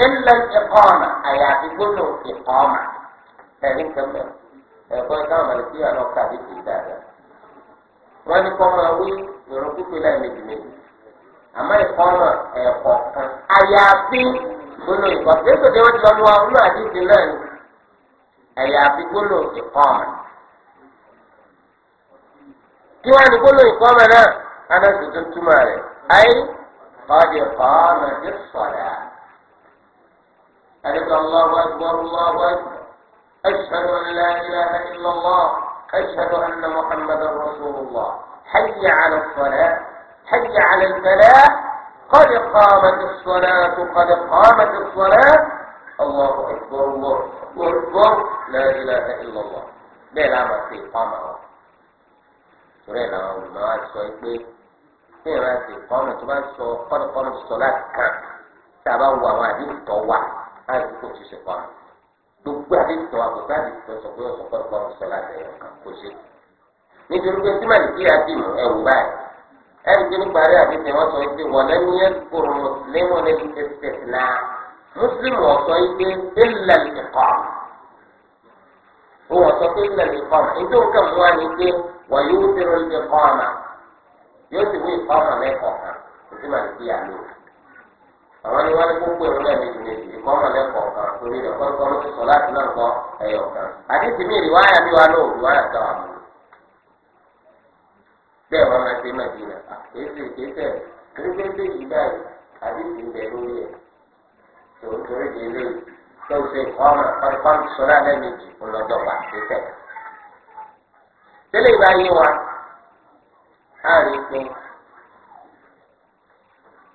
إلا الإقامة أي أعتقد إقامة تاني كمل ẹ̀kọ́ ẹ̀ka àmàlẹ́kí àná kàdé kì í dáadáa wọ́n ní kọ́ máa wí ìrún pípé láì méjì méjì àmọ́ ìkọ́ náà ẹ̀kọ́ kan àyàfi gbólò ìkọ́ jésù tí wọ́n ti lọ lọ́wọ́ nínú àdìsí náà ni ẹ̀yà àfi gbólò ìkọ́ ọ̀mà. kí wọ́n á ní gbólò ìkọ́ ọ̀mà náà anásì tó túmọ̀ rẹ̀ ayé ọ̀dì ẹ̀kọ́ ọ̀mà ti lo lowo ninu ati naa ni eya afi kolo iko oma ki won ni kolo iko oma ẹgbẹ́ aye odi eko ọmọ ti soro a lọ olowo egbe lọ اشهد ان لا إله إلا الله أشهد أن محمدا رسول الله حي على الصلاة حي على الفلاح قد قامت الصلاة قد قامت الصلاة الله أكبر الله أكبر لا إله إلا الله bẹ́ẹ̀ la máa ṣe ìpamọ́ àwọn ìṣòro ìlànà olùmọ̀ wa sọ pé bí ìran ṣe ìpamọ́ tó bá ń sọ kọ́nùkọ́nù sọ láti kàn tí a bá wo àwọn àdéhùn tó wà láti kó ti ṣe pamọ́ gbogbo àdéhùn tó wà kò sí àdéhùn tó sọ pé ó sọ kọ́nùkọ́nù sọ láti ẹ̀yọ̀ kan kó ṣe nítorí pé tí màlìkí àdìmọ̀ ẹ̀ wò báyìí ẹnìkí nípa rẹ àti tẹ̀wọ́n sọ pé wọ́n lẹ́nu yẹn kúrò mùsùlùmí ní ìsìtìsìnà mùsùlùmí ọ̀sọ́ ike ilẹ̀ ìkọ́ òun ọ̀sọ́ pé ilẹ̀ ìkọ́ ìjọ nǹkan mú wa pé wọ́n yóò dúró ilé kọ́ ọ̀nà yóò sì wí ìkọ́ ọ̀nà mẹ́kọ̀ọ́ kan òsì máa ti yà ló àwọn ni ní kókó náà méjì méjì kan torí kọ́ bẹ́ẹ̀ wọ́n máa ṣe màdínà àkéésì kéésì kéésì yìí báyìí àdìsí bẹ̀ lórí ẹ̀ tòun torí di ilé tó ṣe ọmọ ọkọ sọlá lẹ́ẹ̀mejì ọlọ́dọ̀ wà kéésì. tẹ́lẹ̀ ìbá yé wa á rí i pé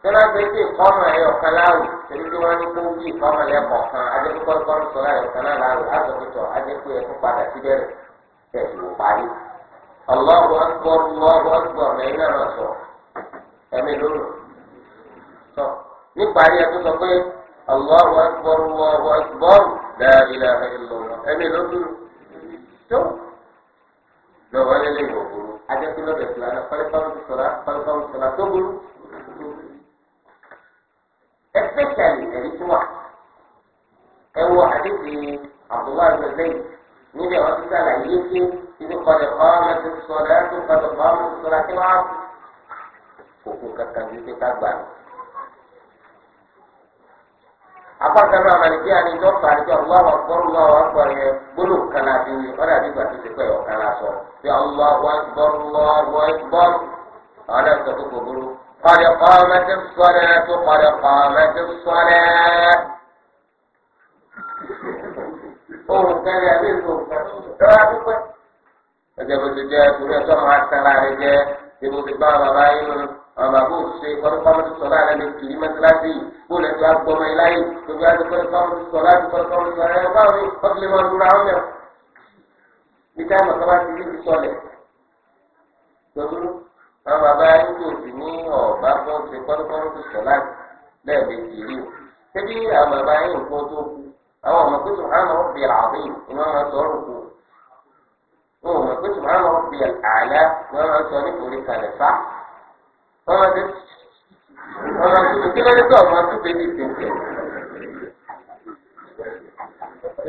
tọ́lá gbé sí ìkọ́mọ ẹ̀yọ̀ kan láwù torí pé wọ́n ní kó bí ìkọ́mọ lẹ́kọ̀ọ́ kan adékòkò ìkọ́mọ sọlá ẹ̀yọ̀ kan láwù á sọ pé tọ́ Allahu akbar Allahu akbar lẹ́yìn náà máa sọ ẹ̀mí lónìí sọ níparí ẹ̀ tó sọ pé Allahu akbar Allahu akbar la ilaha illallah ẹ̀mí lónìí tó lọ́wọ́ lélẹ̀ ìwọ̀ burú ajẹ́pẹ́ lọ́dẹ̀ fúlá náà pálípàlù sọ̀rọ̀ pálípàlù sọ̀rọ̀ tó burú especially ẹ̀rí tó wà ẹ̀wọ̀ àdéhùn Abdullahi Zayd níbẹ̀ wọ́n ti sàlàyé pé. Ini pada qamat as-salatu qad qamat as-salatu oh, al-'asr. Kukuhkan itu kabar. Apa kata maliki ni jọ fa ni Allah akbar Allah akbar yẹ bolo kana bi wi ọ̀dà bí ti pẹ́ ọ̀kana sọ. Bí Allah akbar Allah akbar ọ̀dà sọ tó kò bolo. قد قامت الصلاة ohun kan ní abẹ́ gẹ́gẹ́ bó ti jẹ́ ìkúrẹ́ tó máa tẹ́lá rẹ jẹ́ ìbò ti bá bàbá yín mu bàbá bó ṣe kọ́lọ́kọ́lọ́ ti sọ̀rọ̀ àlẹ́ lè kiri mẹ́tíláṣí yìí bó lè tó agbọ́mọ iláyé gbogbo àti kọ́lọ́kọ́lọ́ ti sọ̀rọ̀ àti kọ́lọ́kọ́lọ́ ti sọ̀rọ̀ ẹ̀ báwo ni wọ́n ti lè máa lura ọ́ mẹ́wọ̀. níta ìmọ̀ tó bá ti rí ti sọlẹ̀ pẹ̀lú àwọn bàbá yín tó ti ní ọ̀bá bó ṣe kọ́lọ́kọ́lọ́ ti sọ̀rọ̀ lẹ́ẹ̀mejì rí o ṣé bí àwọn bàbá yín nǹkan tó kú àwọn ọmọ pé sùhánà ó fi àárín ìmọ̀ ọmọ sọ̀rọ̀ kù wọn ò mọ̀ pé tùmọ̀ àwọn fi àlá ni wọ́n máa ń sọ nítorí kalẹ̀ fa wọ́n máa ń wọ́n máa ń tuntun kí lóde tó ọmọ tó bẹ́ẹ̀ ti tẹ̀.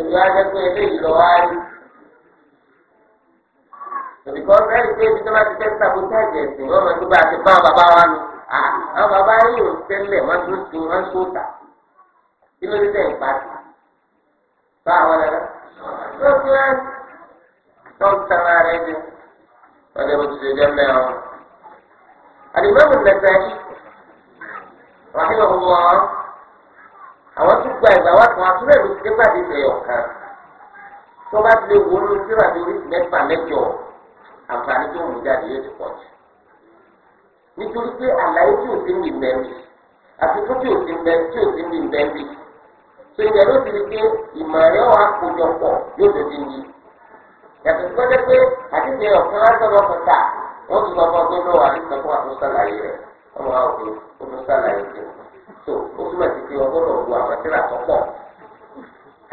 ìlú ajẹ́pẹ́ eléyìí lọ wá rí òbíkọ́ bẹ́ẹ̀ pé ibi tó bá ti fẹ́ sàbó táàgì ẹ̀sìn wọ́n máa tó bá a ti bá àwọn bàbá wa nù àwọn bàbá yìí ò tẹ́lẹ̀ wọ́n tó sin wọ́n tó tà kí lóde tẹ̀ ń pa sí. bá àwọn tó ń tara rẹ̀ jù wọ́n jẹ́ bó ti ṣe jẹ́ mẹ́rin. àdìgbòmù lẹ́sẹ̀ wàhíwọ̀ wọ́n àwọn tó gba ìgbà wá kan àtúrẹ̀ ló ti dé pàdé ìfẹ̀yọ̀ kan tó bá ti lè wò ó lórí síra lórí mẹ́fà mẹ́jọ àǹfààní tó ń mú jáde yóò ti pọ̀ jù nítorí pé àlàyé tí ò sí ń bì mẹ́rin àfikún tí ò sí ń bẹ tí ò sí ń bì mẹ́rin tó ìyẹn ló ti di pé ìmọ̀ ẹ̀rọ àkójọpọ̀ yóò tó ti ń yí yàtọ̀ tó kọjá pé àdìsẹ ọ̀kan lásọ̀rọ̀ kọta wọ́n ti lọ́kọ́ pé lọ́wọ́ àdìsẹ fún àtúnṣàlàyé rẹ̀ ọmọ àwọn òkè òtúnṣàlàyé rẹ̀ tó o túmọ̀ sí pé ọgọ́dọ̀ wo àwọn tíra tó pọ̀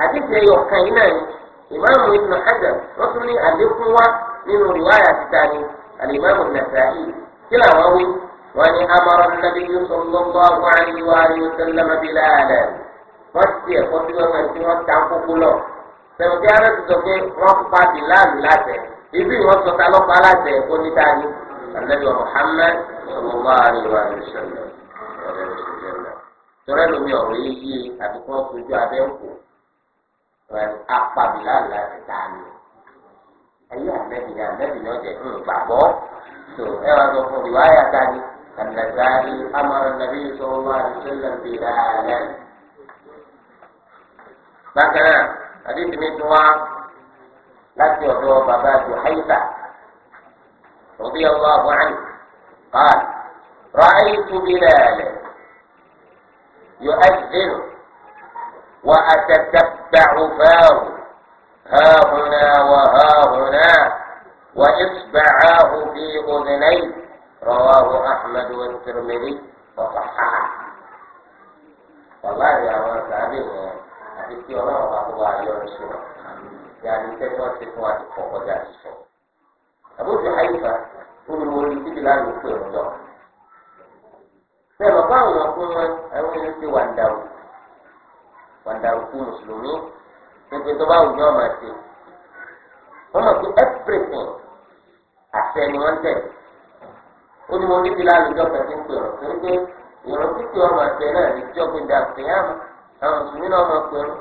àdìsẹ ọ̀kan yìí náà ìmáàmù Ibn Hajar wọ́n tún ní àlékún wá nínú rìwáyà títa ni àlìmáàmù Nasa'i kí làwọn wí wọ́n ní amara nabiyyu sallallahu alaihi tẹ̀wọ̀kẹ́ arẹ́tù sọ pé wọ́n pa bìláàlù láṣẹ ibi ìwọ́n sọ ta lọ́pàá láṣẹ onídàájú anabi muhammed sallallahu alayhi wa sallam tọ́lá lomi ọ̀rọ̀ yìí yé àbíkọ́ sojú abẹ́ ń kó apá bìláàlù láṣẹ tání ayé anabi ni anabi ni ọjà ń gbàgbọ́ tó ẹ wá sọ fún mi wáyà tání kàlẹ́sàárì amara nabi sallallahu alayhi wa sallam àdéhùn mi tún wá láti ọ̀dọ̀ bàbá juhaita òbí ọlọ́ àbúrán qal ra'aytu bilalan yu'adhdhinu wa atatabba'u fahu hahuna wa hahuna wa isba'ahu fi udhnayhi rawahu ahmad wa tirmidhi wa sahhahahu. wàláyé àwọn sàbẹ̀ yẹn àti pé ọlọ́run bá kó bá yọrí sí wọn yàrá iṣẹ́ tí wọ́n ti fún wa ti pọ̀ kọjá sísọ. àbójú àyíká olùwò orí tíbi láàyè òkú ẹ̀rọ jọ. bẹ́ẹ̀ bàbá àwọn ọkùnrin wọn àwọn ènìyàn ti wàǹdàrú wàǹdàrú fún mùsùlùmí nígbà tó bá àwùjọ máa ṣe. wọ́n mọ̀ pé everything àṣẹ ni wọ́n tẹ̀. olùwò orí tíbi láàyè òjọ́ kan ti ń pè ọ́ torí pé ìrántí pé ọmọ àṣẹ àwọn mùsùlùmí náà mọ̀ pẹ̀rù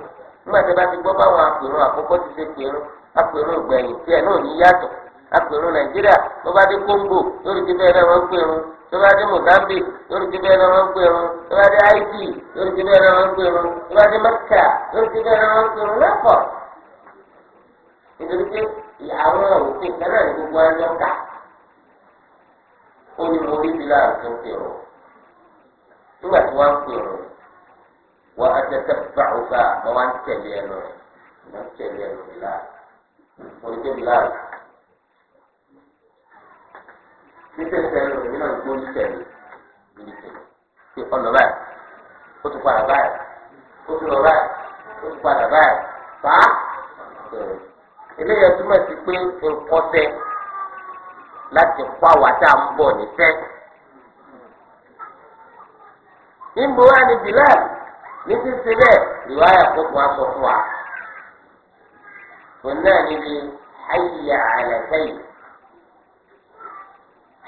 nígbà tí a bá ti gbọ́ báwọn apẹ̀rù àkọ́kọ́ ti ṣe pẹ̀rù apẹ̀rù ìgbẹ̀yìn tí ẹ̀ náà ní yàtọ̀ apẹ̀rù nàìjíríà tó bá dé kóńgò lórí ti bẹ́ẹ̀ náà wọ́n pẹ̀rù tó bá dé mozambique lórí ti bẹ́ẹ̀ náà wọ́n pẹ̀rù tó bá dé haiti lórí ti bẹ́ẹ̀ náà wọ́n tó bá dé lórí ti bẹ́ẹ̀ náà wọ́n àwọn òfin wọ́n atẹ́tẹ́ báwùfà mọ́ wá ń tẹ̀lé ẹnu rẹ̀ mọ́ ń tẹ̀lé ẹnu bìlá orí pé bìlá títẹ̀ sẹ́nu rẹ̀ nínú ìgbó ní tẹ̀lé ní tẹ̀lé tí ọ̀nà báyìí ó tún padà báyìí ó tún lọ báyìí ó tún padà báyìí fà á eléyà túmọ̀ sí pé nǹkan tẹ láti ní sísè bẹ́ẹ̀ rìwáyà tó kù aṣọ fún wa òun náà níbi ayé àlẹ́ sẹ́yìn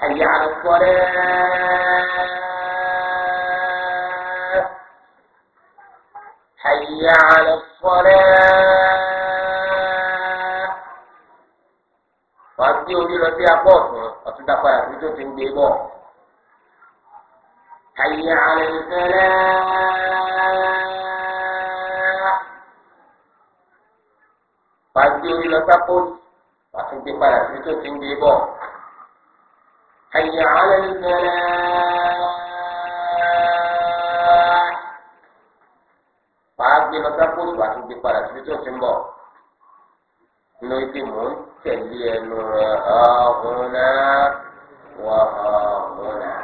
ayé àlẹ́ sọ́rẹ́ ayé àlẹ́ sọ́rẹ́ wàá sí orí lọ sí tó ti ń gbé حي على الفلاح pàdé orí lọ sápòlì pàtó gbé padà sí tó ti ń gbé bọ̀ حي على الفلاح pàgbé lọ sápòlì pàtó gbé padà sí tó ti ń bọ̀ nínú ibi mò ń tẹ̀lé ẹnu rẹ̀ ọ̀hún náà wọ̀ ọ̀hún náà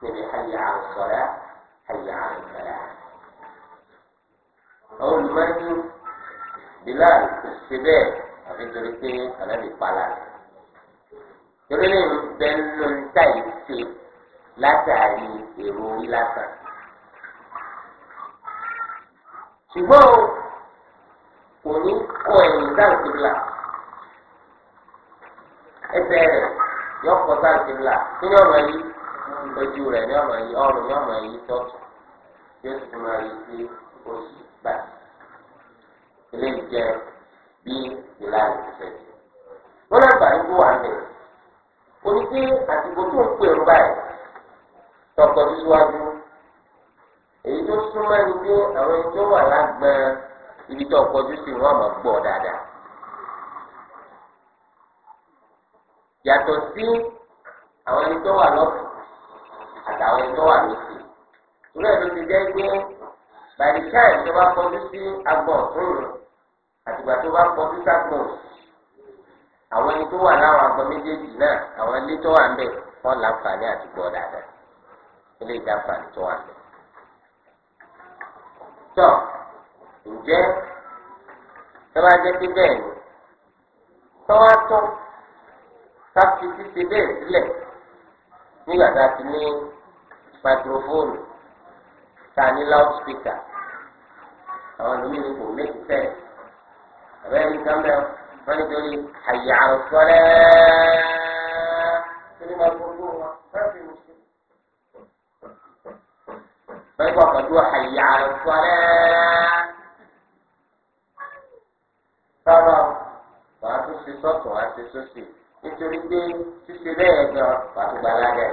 níbi hayya ala salat hayya ala salat. àwọn olùmọ̀ọ́jú Bilal kò ṣe bẹ́ẹ̀ àfi torí pé ànábì pala rẹ̀. torí lè ń bẹ nínú níta yìí ṣe látàrí èrò orí lásán. ṣùgbọ́n kò ní kọ ẹ̀yìn dáhùn kìbìlà ẹsẹ̀ rẹ̀ yọ kọ dáhùn kìbìlà kí ni ọ̀rọ̀ yìí ojú rẹ̀ ní ọmọ yìí ọrùn ní ọmọ yìí tọ́tù yóò sì máa yí sí oṣù gbà eléyìí jẹ bí ìlànà ìfẹ́ wọn lọ gbà ní kó wà mí oní pé àtìkò tó ń pè ń báyìí tọkọ síwájú èyí tó súnmọ́ ẹni pé àwọn ẹni tó wà lágbọ́n ibi tó kọjú sí wọn àmọ́ gbọ́ dáadáa yàtọ̀ sí àwọn ẹni tó wà lọ́kàn àtàwọn ẹgbẹ́ wà lókè ìlú ẹ̀ ló ti jẹ́ pé bàdìkáì tó bá kọjú sí agbọ̀n fún àtìgbà tó bá kọjú sàgbọ̀n àwọn ẹni tó wà láwọn agbọ̀n méjèèjì náà àwọn ilé tó wà ń bẹ̀ wọ́n láǹfààní àtìgbọ̀ dáadáa ilé ìdáǹfààní tó wà ń bẹ̀. tọ́ ǹjẹ́ tó bá jẹ́ pé bẹ́ẹ̀ ni tọ́wá tó ká fi ṣíṣe bẹ́ẹ̀ sílẹ̀ nígbà tá a ti ní microphone ta ní loudspeaker àwọn ẹlòmíì ní kò make sense àbẹ́rẹ́ nìkan bẹ́ẹ̀ wọ́n nítorí àyà àwòsọ́lẹ́ torí microphone wọn wọ́n fi mú sí. bẹ́ẹ̀ bọ́ pẹ̀lú àyà àwòsọ́lẹ́ sábà wàá tún ṣe sọ́tọ̀ wàá ṣe nítorí pé ṣíṣe bẹ́ẹ̀ gan wàá tún gbalá dẹ̀.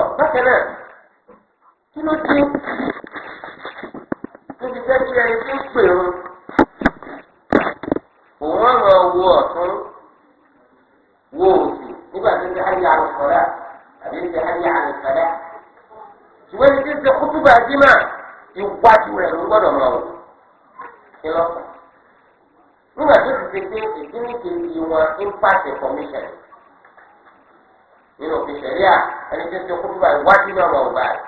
tọ̀ bákan náà kí ló dé níbi jẹ́ kí ẹni tí ń pè ń òun ọ̀rọ̀ wo ọ̀tún wo òsì nígbà tí ń ṣe ayé àrùn sọ̀rọ̀ àbí ń ṣe ayé àrùn sọ̀rọ̀ ṣùgbọ́n ní ti ń ṣe kútùbà jímà iwájú rẹ̀ ló gbọ́dọ̀ mọ̀ ọ́ kí lọ́kàn nígbà tó ti ṣe pé ìdí ní kejì wọn ń pàṣẹ commission nínú òfin ṣẹ̀ríà ẹni tó ti kú báyìí wájú náà mọ̀ báyìí.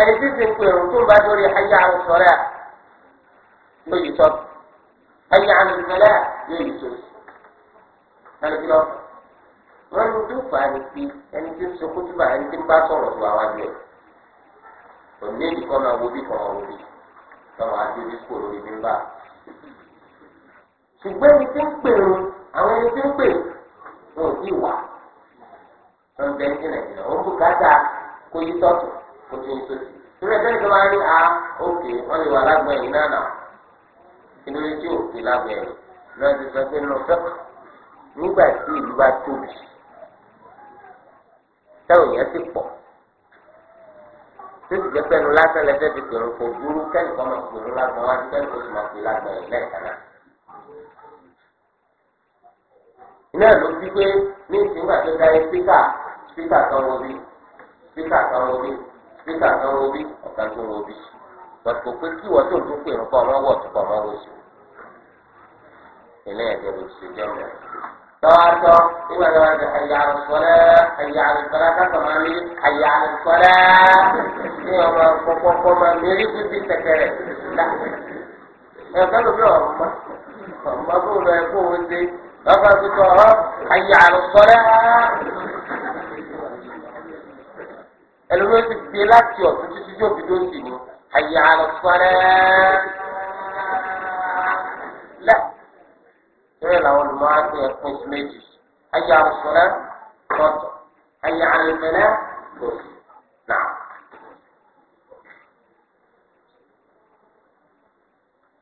ẹni tí ti ń pè ọ̀rùn tó ń bá lórí ayé àrùn sọ̀rọ̀ à yóò yí tọ́ ayé àrùn ìfẹ́lẹ́ à yóò yí tó. ẹni tí lọ wọ́n ní tó fà á ní pé ẹni tí ń sọ kú báyìí ẹni tí ń bá sọ̀rọ̀ tó àwọn àgbẹ̀. òní èdè kan máa wo bí kan ọ̀rọ̀ bí lọ́wọ́ àti ojú kò lórí bí ń bá. ṣùgbọ́n ẹni tí ń pè ọ̀rùn àwọn ẹni tí ń pè wọn ò tí ì wà wọn bẹ ní nàìjíríà wọn kò kájà kó yí sọ́tù kó tún yí sọ́tù torí ẹgbẹ́ nìkan máa ń ní a òkè wọn lè wà lágbọn ẹ̀yìn náà nà inú ní tí òkè lágbọn ẹ̀yìn náà ti sọ pé nínú fẹ́kù nígbà tí ìlú bá tóbi táwọn èèyàn ti pọ̀ tó jẹ́ pẹ́ẹ́nu lásán lẹ́fẹ́ fi pèrò kò burú kẹ́nìkan máa pèrò lágbọn wá sí kẹ́nìkan tó máa pè lágbọn ẹ̀yìn lẹ́ẹ̀kan náà. ló fi pé ní ìsìnkú àti ẹ̀ spika kan robi spika kan robi spika kan robi ọ̀kan tó robi bàtí kò pé kí wọ́n tó dún pé nǹkan ọmọ wọ̀ tó kọ̀ ọmọ wọ̀ sí. eléyà jẹ́ lóṣù jẹ́ mọ́. tọ́wọ́tọ́ nígbà tó wà ní ayàrá sọ́lẹ́ ayàrá sọ́lẹ́ kákan máa mi ayàrá sọ́lẹ́ ní ọmọ pọpọpọ máa mi rí bíbí tẹ̀kẹ̀rẹ̀ dá. ẹ̀ ọ̀gá ló bí ọ̀ma ọ̀ma bó lọ ẹ̀kọ́ òun ẹlòmíràn ti gbé láti ọ̀tún títí tí òbí lóṣì ni ayé àlùfáàrẹ́ lẹ́ ìrẹ́ làwọn olùmọ̀ á ti ẹ̀kún sí méjì ayé àlùfáàrẹ́ lọ́tọ̀ ayé àlùfáàrẹ́ lọ́sì náà.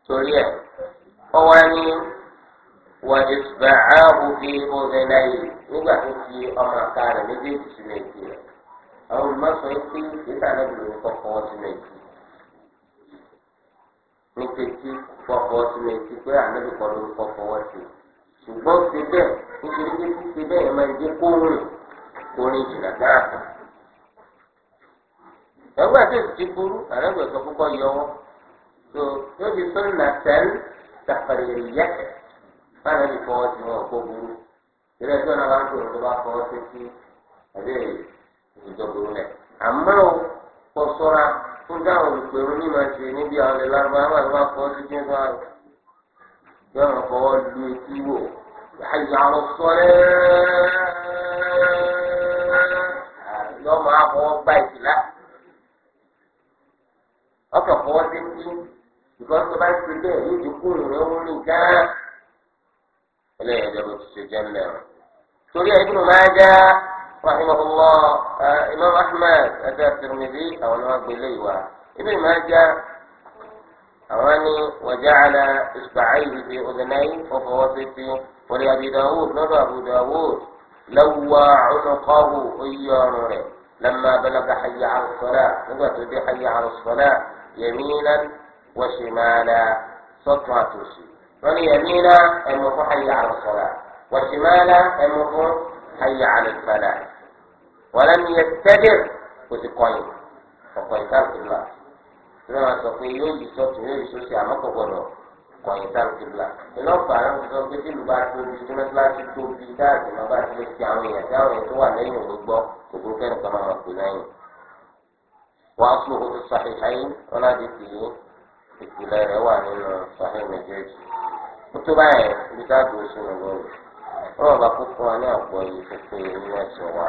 torí ẹ̀ ọwọ́ ni wà ìsbàáhù fi ọ̀dẹ̀ náà yìí nígbà tó fi ọmọ àká méjèèjì sí méjì rẹ̀ àwọn olùmọ̀sán yìí pé ìgbésẹ̀ anábì ló ń kọ́kọ́ sínú etí ní tètè kọ́kọ́ sínú etí pé anábì kan ló ń kọ́kọ́ sí ṣùgbọ́n ṣe bẹ́ẹ̀ nítorí pé ṣe bẹ́ẹ̀ máa ń jẹ́ kó rìn kó rìn jìnnà dáadáa. ẹgbẹ́ àti èsì ti burú anábì ọ̀sán kúkọ́ yọwọ́ tó yóò fi sọ́nù nàtẹ́lì tàfàlẹ̀ yẹ́kẹ̀ báyìí náà ti fọwọ́ sí wọn kó burú ìrẹsì ọ̀nà bá ń tó bá ìjọba burú lẹ̀. àmọ́ o kò sọ́ra fún dáhùn olùpẹ̀rù ní màá ṣe níbi àwọn ilé lárúbáwá ló bá fọ́ sí jẹ́ bá yọ̀ wọ́n fọwọ́ lu etí wò àyà lọ sọ́rẹ́ yọ máa fọwọ́ gba ọkọ̀ sí ti ìgbọ́n tó bá ti bẹ́ẹ̀ yóò ti رحمه الله إمام أحمد أتى الترمذي أو نواب ليوى ابن ماجه أواني وجعل إصبعيه في أذنيه وفهو ولأبي داود نظر أبو داود لوى عنقه إيانه لما بلغ حي على الصلاة نبغى تدي حي على الصلاة يمينا وشمالا سطرة توشي يعني يمينا أنه حي على الصلاة وشمالا أنه حي على الفلاح wọ́n lẹ́nu yẹ tẹ́lẹ̀ kò sì kọ̀yìn ọ̀kọ̀yìn sáàkìlá tí wọ́n sọ pé yóò yí sọ́ọ̀tù yóò yí sọ́ọ̀tù àmọ́ kò gbọ́dọ̀ kọ̀yìn sáàkìlá iná bàárà ń sọ pé tìlú bá tóbi tí wọ́n ti tóbi dáàbì máa bá tilẹ̀ ti àwọn èèyàn tí àwọn èèyàn tó wà lẹ́yìn òní gbọ́ kò burú kẹ́ni kan máa pè lẹ́yìn. wọ́n á sọ̀rọ̀ tó sàhì wọn láti tì ìpìlẹ̀ rẹ̀ wà nínú sàhì méjèèjì. ó tó báyẹn ibi táàbù ó sínú lóru. bá kó fún wa ní àpò yìí fífi wa.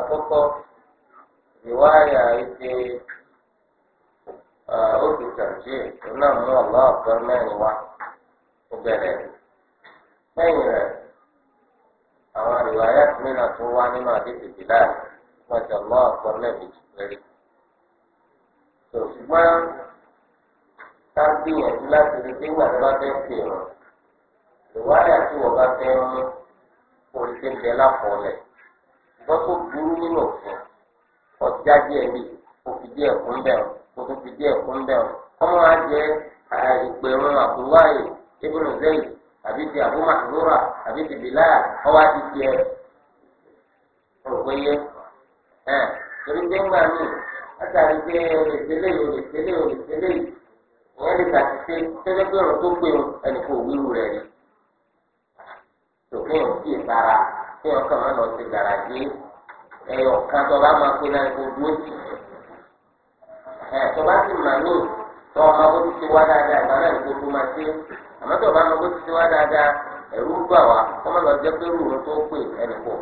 àkọ́kọ́ ìwáyà ìdè oṣù tàbí ìnáà mú ọ̀gá ọ̀gá mẹ́rin wá ó bẹ̀rẹ̀ lẹ́yìn rẹ̀ àwọn ìwáyà mìíràn tó wá nínú àdéhùn ìbílẹ̀ wọ́n ti ọ̀gá ọ̀gá mẹ́rin péré. ṣùgbọ́n ká gbìyànjú láti rí pé ìgbà tó bá fẹ́ pè wọ́n tí wọ́n bá fẹ́ mú orí tẹ́lẹ̀ lápọ̀ọ́lẹ̀. wọ́n tó burú nínú òfin ọ̀já díẹ̀ bí kò fi díẹ̀ kún bẹ́ẹ̀ kò fi díẹ̀ kún bẹ́ẹ̀ ọmọ wa jẹ́ ibùdó àbí ti Abu àbí ti Bilal ọwọ́ àti tiẹ̀ ẹ̀ torí pé ńgbà látàrí pé lè tàbí pé tẹ́lẹ̀ pé ọ̀rọ̀ tó ẹnì kò wíwú rẹ̀ rí kí ọkàn máa lọ sí gàràjì ẹyọ kan tó bá máa pe náà kó dúró tì ẹ tó bá mà ní tó ọmọ bó ti ṣe wá dáadáa ìgbà náà kó máa ṣe àmọ́ tó bá bó ti wá dáadáa gbà wá kó má lọ tó pè ẹnì kò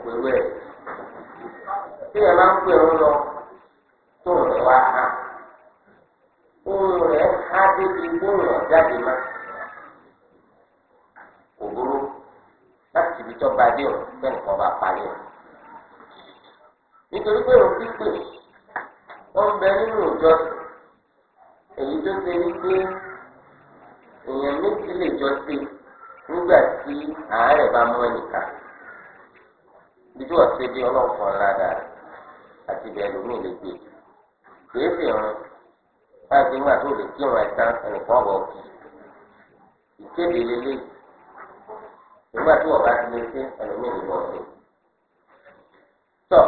ibi tó bá dé o bẹ́ẹ̀ nìkan bá parí o. nítorí pé òun pípé wọ́n bẹ nínú ìjọ èyí tó ṣe ní pé èèyàn méjì lè jọ sí nígbà tí àárẹ̀ bá mú ẹnìkan bí tí wọ́n ṣe bí ọlọ́ọ̀fọ̀ ńlá dáa àti ibẹ̀ lómi lè gbé kìí fi hàn láti nígbà tó lè kírun ẹ̀sán ẹnìkan bọ̀ kì í ìkéde lélẹ́yìí nígbà tí wọ́n bá ti lè ṣe ẹlòmíì ní bọ́ sí. tọ́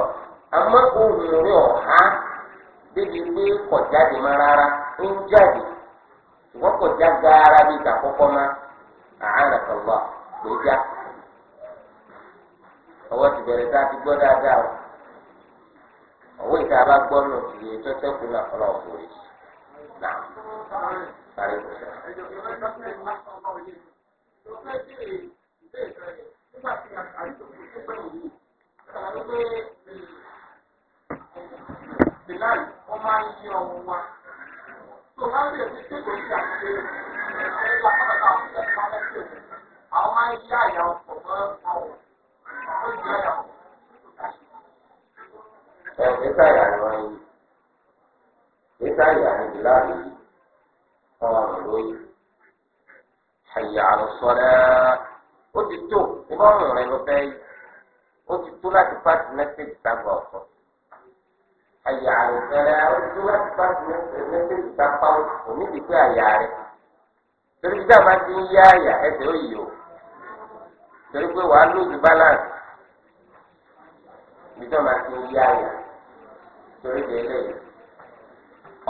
àmọ́ ohun rẹ̀ ọ̀há débi pé kọ̀ jáde má rárá ń jáde ṣùgbọ́n kọ̀ já gaara bíi ìtàkọ́kọ́ má àárẹ̀ kọ̀wá ló ọwọ́ ti bẹ̀rẹ̀ tá a ti gbọ́ dáadáa o ọwọ́ ìta bá gbọ́ nù iye tó tẹ́kù náà fọlọ́ òfòrè náà parí kò bẹ́ẹ̀ sọ yẹn nígbà tí àyíkòkò tó pẹ́ òru ọ̀rọ̀ ló pé bìláì wọ́n máa ń yí ọmọ wa tó máa ń bèèrè pé kò sí àṣẹ ẹ̀ka pátákà fún ẹ̀ka mẹ́tò àwọn máa ń yí àyà ọkọ̀ ó ti tó ìmọ̀ràn rẹ ló fẹ́ yìí ó ti tó láti pàṣẹ mẹ́sẹ̀gì sábà ọ̀sán àyà rẹ fẹ́rẹ́ ó ti tó láti pàṣẹ mẹ́sẹ̀gì sábà òmìnirí pé àyà rẹ torí tí dábàá ti ń yá àyà ẹsẹ̀ ó yìí o torí pé wàá lóògì balance bí dábàá ti ń yá àyà torí di eléyìí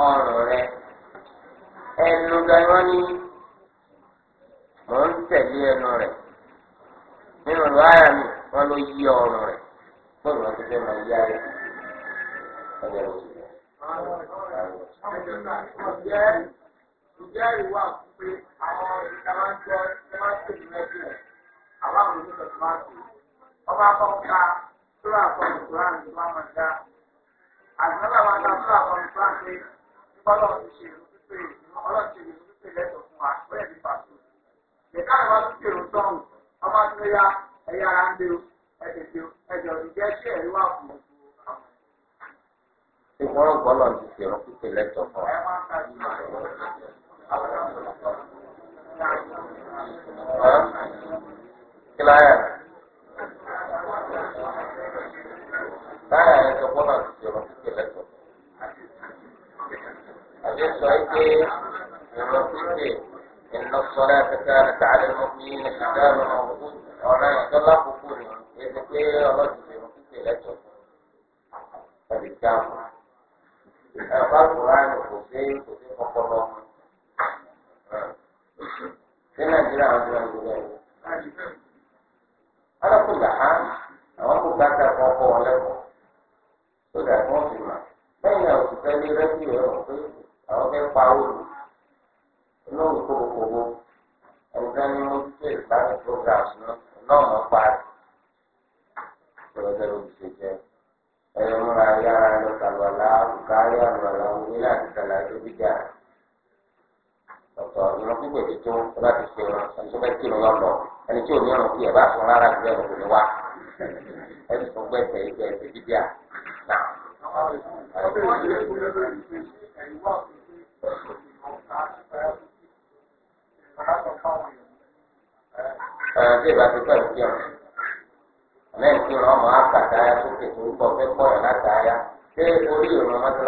ọrùn rẹ ẹnu gan ni mò ń tẹ̀lé ẹnu rẹ̀ nínú ìlú ayà mi wọn ló yí ọrùn rẹ̀ fóònù wọn ti fẹ́ máa yí ayé ọjọ́ ìlú ti bẹ̀. ǹjẹ́ ǹjẹ́ ìwà pé àwọn ìdáwájọ́ ṣe máa ń tèmi lẹ́bí rẹ̀ àwọn àwọn oníṣẹ́ tó máa ń tèmi ọba akọ́kọ́ta tó rà kọ́ ìkúrán ní wọ́n máa dá àgbẹ̀lẹ̀ wọn dá tó rà kọ́ ìkúrán pé kọ́lọ̀ ti ṣe ìlú pípé ìlú. ṣe o ẹ tètè o ẹ jọ ìjẹ́ ṣé ẹ̀rí wà fún gbogbo àwọn. ṣé wọ́n ń gbọ́dọ̀ ti fi ọ̀rọ̀ pípé lẹ́tọ̀ fún wa. kí láyà láyà ẹ sọ gbọ́dọ̀ ti fi ọ̀rọ̀ pípé lẹ́tọ̀ àbí sọ pé ọ̀rọ̀ pípé. إن الصلاة كانت على المؤمنين كتابا موجودا ولا يتلقوا ఏ అలా tí ò ní ọ̀rọ̀ sí ẹ̀ bá rárá ju ẹ̀rọ ní wá ẹ̀sùn tó gbẹ tẹ̀ ìgbẹ́ ẹ̀sẹ̀ bíbí à nà. Ẹ̀ẹ́dẹ́ ìbá ti pẹ̀lú kí ọ̀rọ̀. Àmẹ́rin kí ọmọ àkàtà ayá sókè tó ń bọ̀ fẹ́ pọ̀ yàn látàáyá. Ṣé orí ìrùn ọmọ tó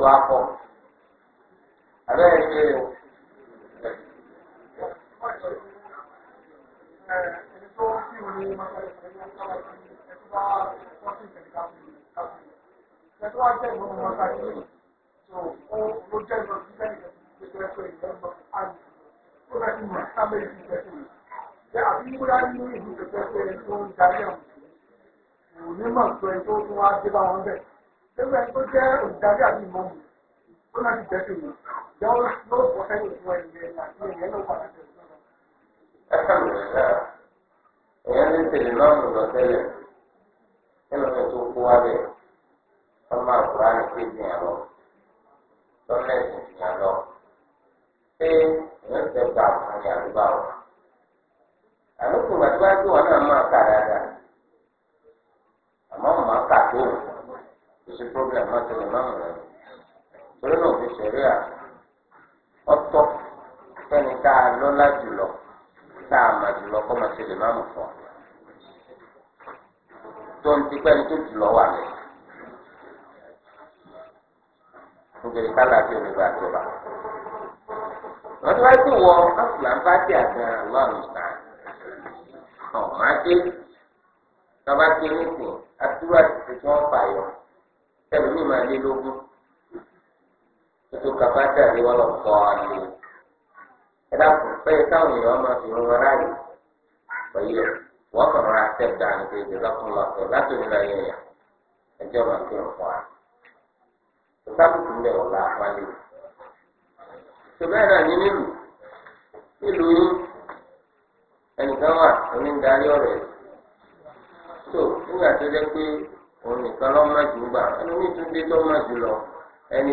तो आप èèyàn ní tèlè lọ́nù lọ tẹ́lẹ̀ nínú mi tó kú wá bẹ̀ ọmọ àgbà ní kéjì yàn lọ tọ́lẹ̀tì yàn lọ pé èèyàn tẹ gba àwọn ní àdúgbò àwọn àlùkò gbàdúrà tí wọn náà máa kà dáadáa àmọ́ màá kà tó ọ̀tọ̀ ẹni tá a lọ́lá jùlọ tá a mà jùlọ kọ́ máa ṣe lè má mú fún ọ tó ń tipẹ́ ní tó jùlọ wà mí. nítorí kálá tí o lè bá jọba. wọ́n ti wá sí wọ káfíńlá ń bá dé àgbọn lọ́rùn sàn. ọ̀hún adé tọ́ba dé nísìn àtúrò àtìsí tí wọ́n yọ. tẹ̀lé mi máa lé lógún. ètò kàfáàtì àdéhùn ọ̀pọ̀ àlè ẹ̀dá pẹ́ táwọn èèyàn máa fi wọn ráàyè pẹ̀lú wọ́n kàn rà step down ní pé ìjọba lọ́sọ̀ láti òní láyé ẹ̀yà ẹjọ́ máa fi hàn fún wa. ní nílùú nílùú yín ẹnìkan wà onídàárí ọ̀rẹ́ tó nígbà tó jẹ́ pé òun nìkan jù ú gbà ẹni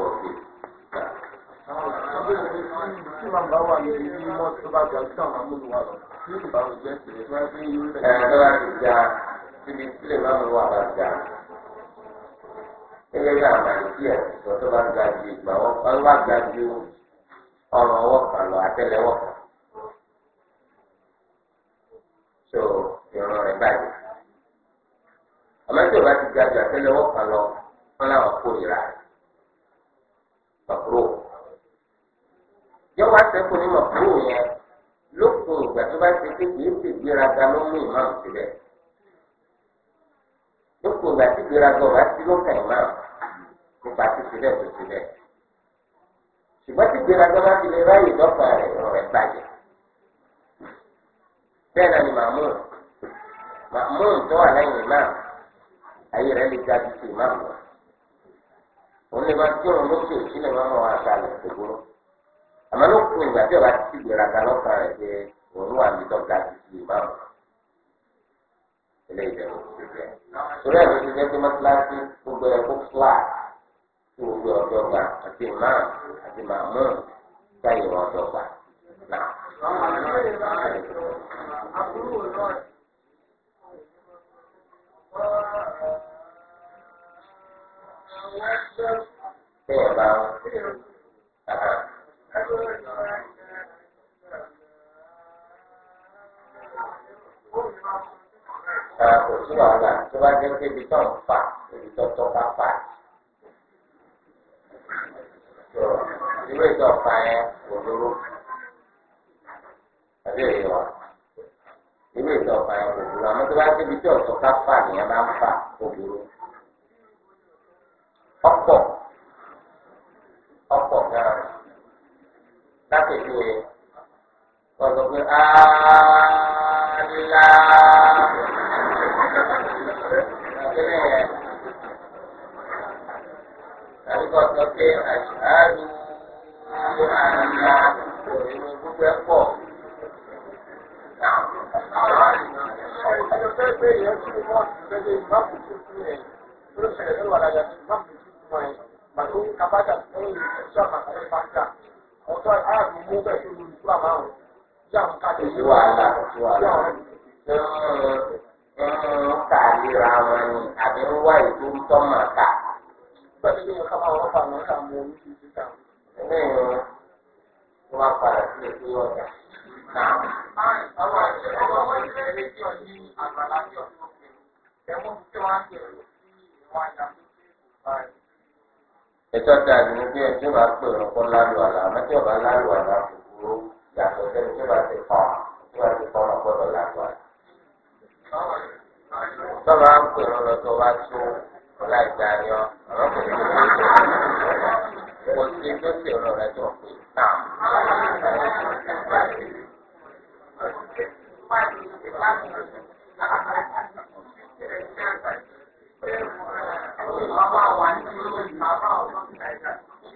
máa ń bá wà lórí mímọ́ tó bá ga sí àwọn amúlù wa lọ ní ìbámu jẹ́ sílẹ̀ tó bá gbé irú rẹ̀. ẹ̀ ẹ́ láti ja síbi sílẹ̀ máa ń wà láti ja. gẹ́gẹ́ bí àwọn àìsí ẹ̀ sọ tó bá ga ju ìgbà wọ́n bá wà ju ọrùn ọwọ́ kan lọ àtẹ́lẹwọ́ kan. so ìrún rẹ̀ báyìí. àmọ́ tí o bá ti ga ju àtẹ́lẹwọ́ kan lọ wọ́n láwọn kórìíra rẹ̀ yọ wá sẹ́kù ní mọ̀kúrò yẹn lópin ìgbà tó bá ti pé kì í sì gbéraga ló mú ìmáàmù síbẹ̀ lópin ìgbà tí gbéraga ọba sí lókàn ìmáàmù nípa ti síbẹ̀ tó síbẹ̀ ṣùgbọ́n tí gbéraga bá ti lè ráyè dọ́kà rẹ̀ rẹ̀ bàjẹ́ bẹ́ẹ̀ náà ni màmú màmú tó wà lẹ́yìn ìmáàmù ayé rẹ̀ lè ga ju ti ìmáàmù lọ òun lè máa tí òun lókè òsì lè máa mọ àṣà lè àmọ́ ló kún ìgbà tí ọba ti ti gbèrà ga lọ́kàn rẹ̀ pé òun wà ní dọ́gba ti ti ìmọ̀ àwọn ilé ìjẹun ti bẹ̀. torí ẹ̀ ló ti jẹ́ pé mọ́tíláṣí gbogbo ẹ̀ kó flat tí gbogbo ọ̀dọ́ gba àti imam àti mamu sáyé wọn ọ̀dọ́ gba. Bẹ́ẹ̀ bá kò sí wàhálà tó bá jẹ́ pé ibi tó ń fà ibi tó tọ́ bá fà ìwé ìtọ́ fà yẹn kò dúró àbí èyí wa ìwé ìtọ́ fà yẹn kò dúró àmọ́ tó bá jẹ́ ibi tó tọ́ fà nìyẹn bá ń fà kò dúró ọ̀pọ̀. lápẹ̀jù ẹ̀ kọ̀ọ̀sọ̀ pé áàlá àbẹ̀lẹ̀ yẹn tàbí kọ̀ọ̀sọ̀ pé àṣàlù àlá òyìnbó gbogbo ẹ̀ pọ̀. Thank you ọ̀tọ́ ìhàrá mi mú bẹ́ẹ̀ tó lórí fúlà márùn tí àwọn kájọ yìí wà á tí àwọn ń kà wọn ni àbí ń wá ètò tó máa kà. pẹ̀lú bí nǹkan máa wọ́n fà wọ́n kà mú orí títí kà. ẹgbẹ́ ìrìn wọn wá padà sí ètò ọ̀dà. àwọn ẹ̀tọ́ ta ìdùnnú bí ẹni bá pè ọ̀rọ̀ lálù àlà àmọ́ ọba lálù àlà kúkúrú yàtọ̀ sẹ́ni tí bá ti pọ̀ tí bá ti pọ̀ ọ̀gbọ́dọ̀ lálù àlà. tọ́ba ń pè ọ̀rọ̀ lọ tó tó ọ̀la ìgbà yọ ọ̀rọ̀ kò tó tó tó kò sí tó sì ọ̀rọ̀ rẹ tó pè náà. Thank you.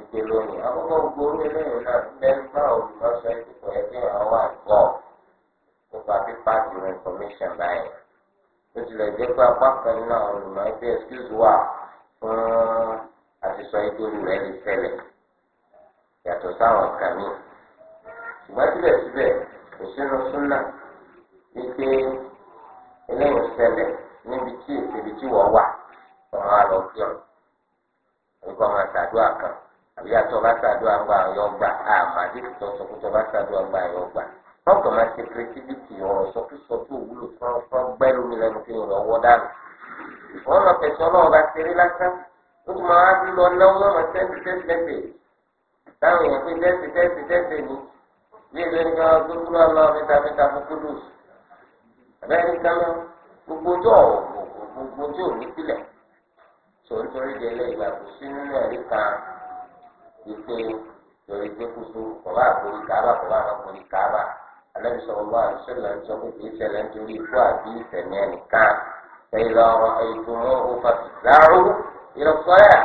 ìpè lónìí àkọ́kọ́ gbogbo orí eléyìí náà mẹ́rin bá olùkọ́ sọ ètò kò yẹ kí àwọn àgbọ̀ nípa pípa ti information báyìí ó tilẹ̀ jẹ́ pé apá kan náà olùmọ̀ ẹgbẹ́ excuse wà fún àtisọ ìdórí rẹ̀ lè tẹ̀lẹ̀ yàtọ̀ sáwọn kan ní ṣùgbọ́n síbẹ̀síbẹ̀ kò sínú súnà wípé eléyìí ṣẹlẹ̀ níbi tí èsì ibi tí wọ́n wà wọ́n á lọ kí ọ̀n nípa ọmọ àtàdúrà kan àbí àtọ́ bá sàdúrà ń gba àyọ̀ gbà àmà dé tó sọ pé tó bá sàdúrà ń gba àyọ̀ gbà wọ́n kàn máa ṣe kírẹ́tíbìtì ọ̀rọ̀ sọ́kúsọ tó wúlò fún ọgbẹ́ lómi lẹ́nu kí wọ́n lọ́wọ́ dànù wọ́n lọ fẹ̀sọ́ ọlọ́wọ́ bá ṣeré lásán ó tún máa ń lọ náwó ọmọ tẹ́sí tẹ́sí tẹ́sí táwọn èèyàn pé tẹ́sí tẹ́sí tẹ́sí ni bí ìlú ẹnìkan tó kúrò ọlọ́ mẹ́ta mẹ́ta fún kúdù abẹ́rẹ́ nìkan lọ gbogbo ojú ọ̀wọ̀ gbogbo ojú òní sílẹ̀ tó ń torí di ẹlẹ́yìn àbùsí nínú ẹ̀rí kan wípé torí pé kùtù bàbá àkórí kábà bàbá àkórí kábà alẹ́ sọ̀rọ̀ bá àdúṣẹ́lẹ̀ ń sọ pé kì í ṣẹlẹ̀ nítorí ikú àbí ìtẹ̀mí ẹnìkan ẹ̀yìnlá ọ̀rọ̀ ètò mọ́ òfa fìdáàrú ìrọ̀sọ́yà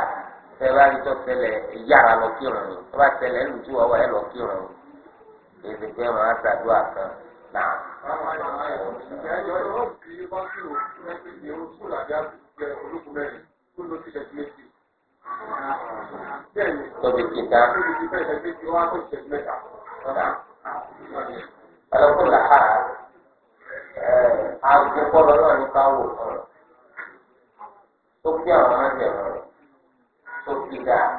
tẹ́lá ìjọ tẹ́lẹ̀ yára lọ kírun ni tọ́ba tẹ́lẹ̀ ẹ̀lú tí wọ́wọ́ ẹ̀ lọ kírun ni èsì pé wọ́n á ṣàdúrà kan náà. ọ̀rọ̀ bí wọ́n tóbi kíkà ọlọ́pàá làhà aago kọlọ náà ní ká wò fún un tó kí àwọn ọmọdé wọn tó kí ahụ,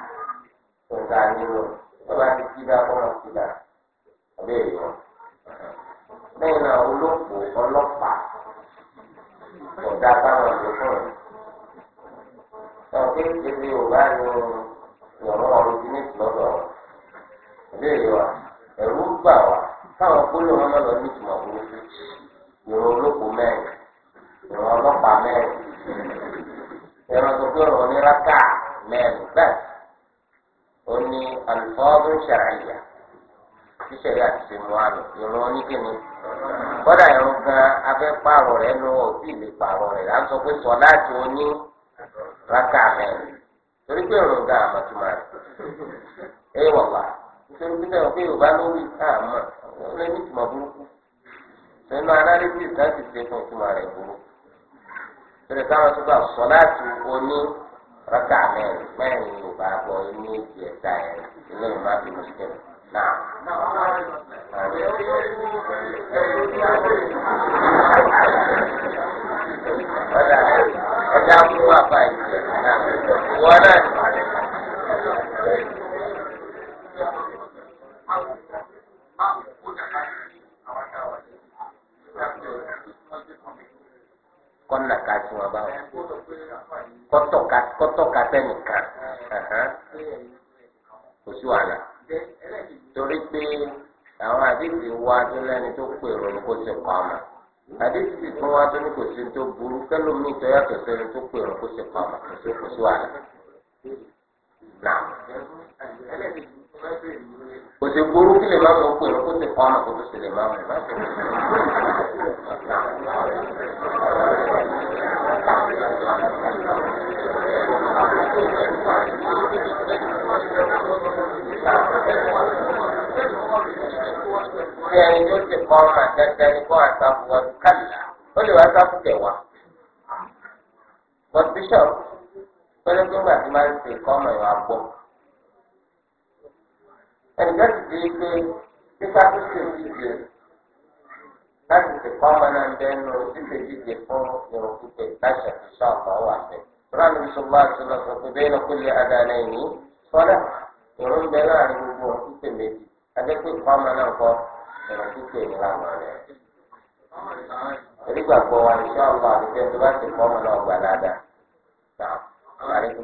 tó ga nínú tó bá ti kí dá kọ́ wọn kí dá ẹ̀wọ̀n kí èdè yorùbá ni ìrọ̀rùn ọ̀rọ̀dínẹ́tì lọ́dọ̀ wọn ìbéèrè wa ẹ̀rú gbà wá káwọn gbólóhùn náà lọ ní ìtumọ̀ burúkú ìrọ̀ olóko mẹ́rin ìrọ̀ ọlọ́pàá mẹ́rin ẹ̀rọ tó gbé ọ̀rọ̀ mẹ́rin bẹ́ẹ̀ ó ní alùpàdún ṣàràyà tíṣẹ̀rí àti tèmu àlọ́ ìrọ̀ kọ́dà ìrọ̀ gan abẹ́ pààrọ̀ rẹ̀ rákà mẹ́rin torí pé ọ̀rọ̀ ga àmọ̀túmọ̀ rẹ̀ ẹ wà wá nítorí pé sẹ́wọ̀n pé yorùbá ló wí káàmọ̀ ọ̀rẹ́ ní ìtumọ̀ burúkú sẹ́nu adáríkì ìtàkì ṣe fún ìtumọ̀ rẹ̀ burú tẹ̀lé táwọn tó bá sọ láti oní mẹ́rin mẹ́rin yorùbá bọ̀ ní ẹ̀ta ẹ̀ ilé ìmọ̀ àti mùsùlùmí náà. Thank you. ẹja mú àbá ìjẹ náà ìwọ náà ní wàlẹ. kọ́nà ká tí wọ́n bá wọn kọ́tọ̀ ká sẹ́nìkan kò sí wàhálà torí pé àwọn àdéhùn wa tó lẹ́ni tó pè rònú kó ti kọ́ ọmọ àdéhùn sì tún wá tó ní kò sí tó burú kẹlòmíì tó yàtọ̀ sẹ́ni tó pè ọ́ kó sì pa ọ́ kó sì kó sí wàhálà. kò sí burú kí lè má mọ̀ pé ọ́ kó sì pa ọ́ kó sì lè má mọ̀. orí ẹni tó ti kọ́ ọmọ àtẹ́tẹ́ ni kó àtàkù wọn kàlà ó lè wá sáfù tẹ̀wá. but bishop pẹ́lú pé ńgbà máa ń ṣe kọ́ ọmọ ìwà gbọ́. ẹnì kan ti di pé pípa tó ṣe ìdíje láti ṣe kọ́ ọmọ náà ń ṣíṣe ìdíje fún irun pípé láṣà tó ọ̀pọ̀ wà fẹ́. Quran bá lọ sọ pé bẹ́ẹ̀ náà sọ́dà ìrún bẹ́ẹ̀ láàrin gbogbo adékò ìfọ́mọ náà kọ́ ẹ̀rọ títẹ̀ ní lánàá rẹ̀. Èrí gbàgbọ́ wa ní sọ́ọ̀lá àdìgbẹ́ tó bá ti fọ́mọ náà na dáadáa. Sàmù àríkù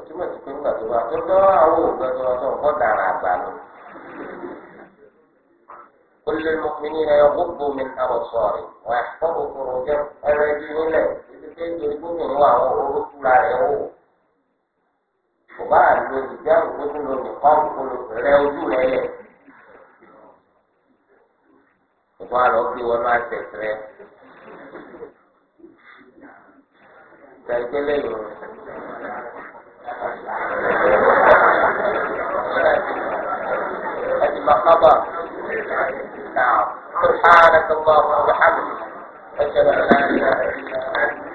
kò túmọ̀ sí pé nígbà tó bá tó dán àwọn òògùn tó wọn tó nǹkan dára àgbà lọ. كل المؤمنين يغضوا من أبصارهم ويحفظوا فروجهم الذين لا يكون وهو رسول عليه وبعد الرجال رسل النقاب كل لا وجود له وقال ربي وما تسرع تلك الليل أجل خبر نعم سبحانك اللهم وبحمدك أشهد أن لا إله إلا أنت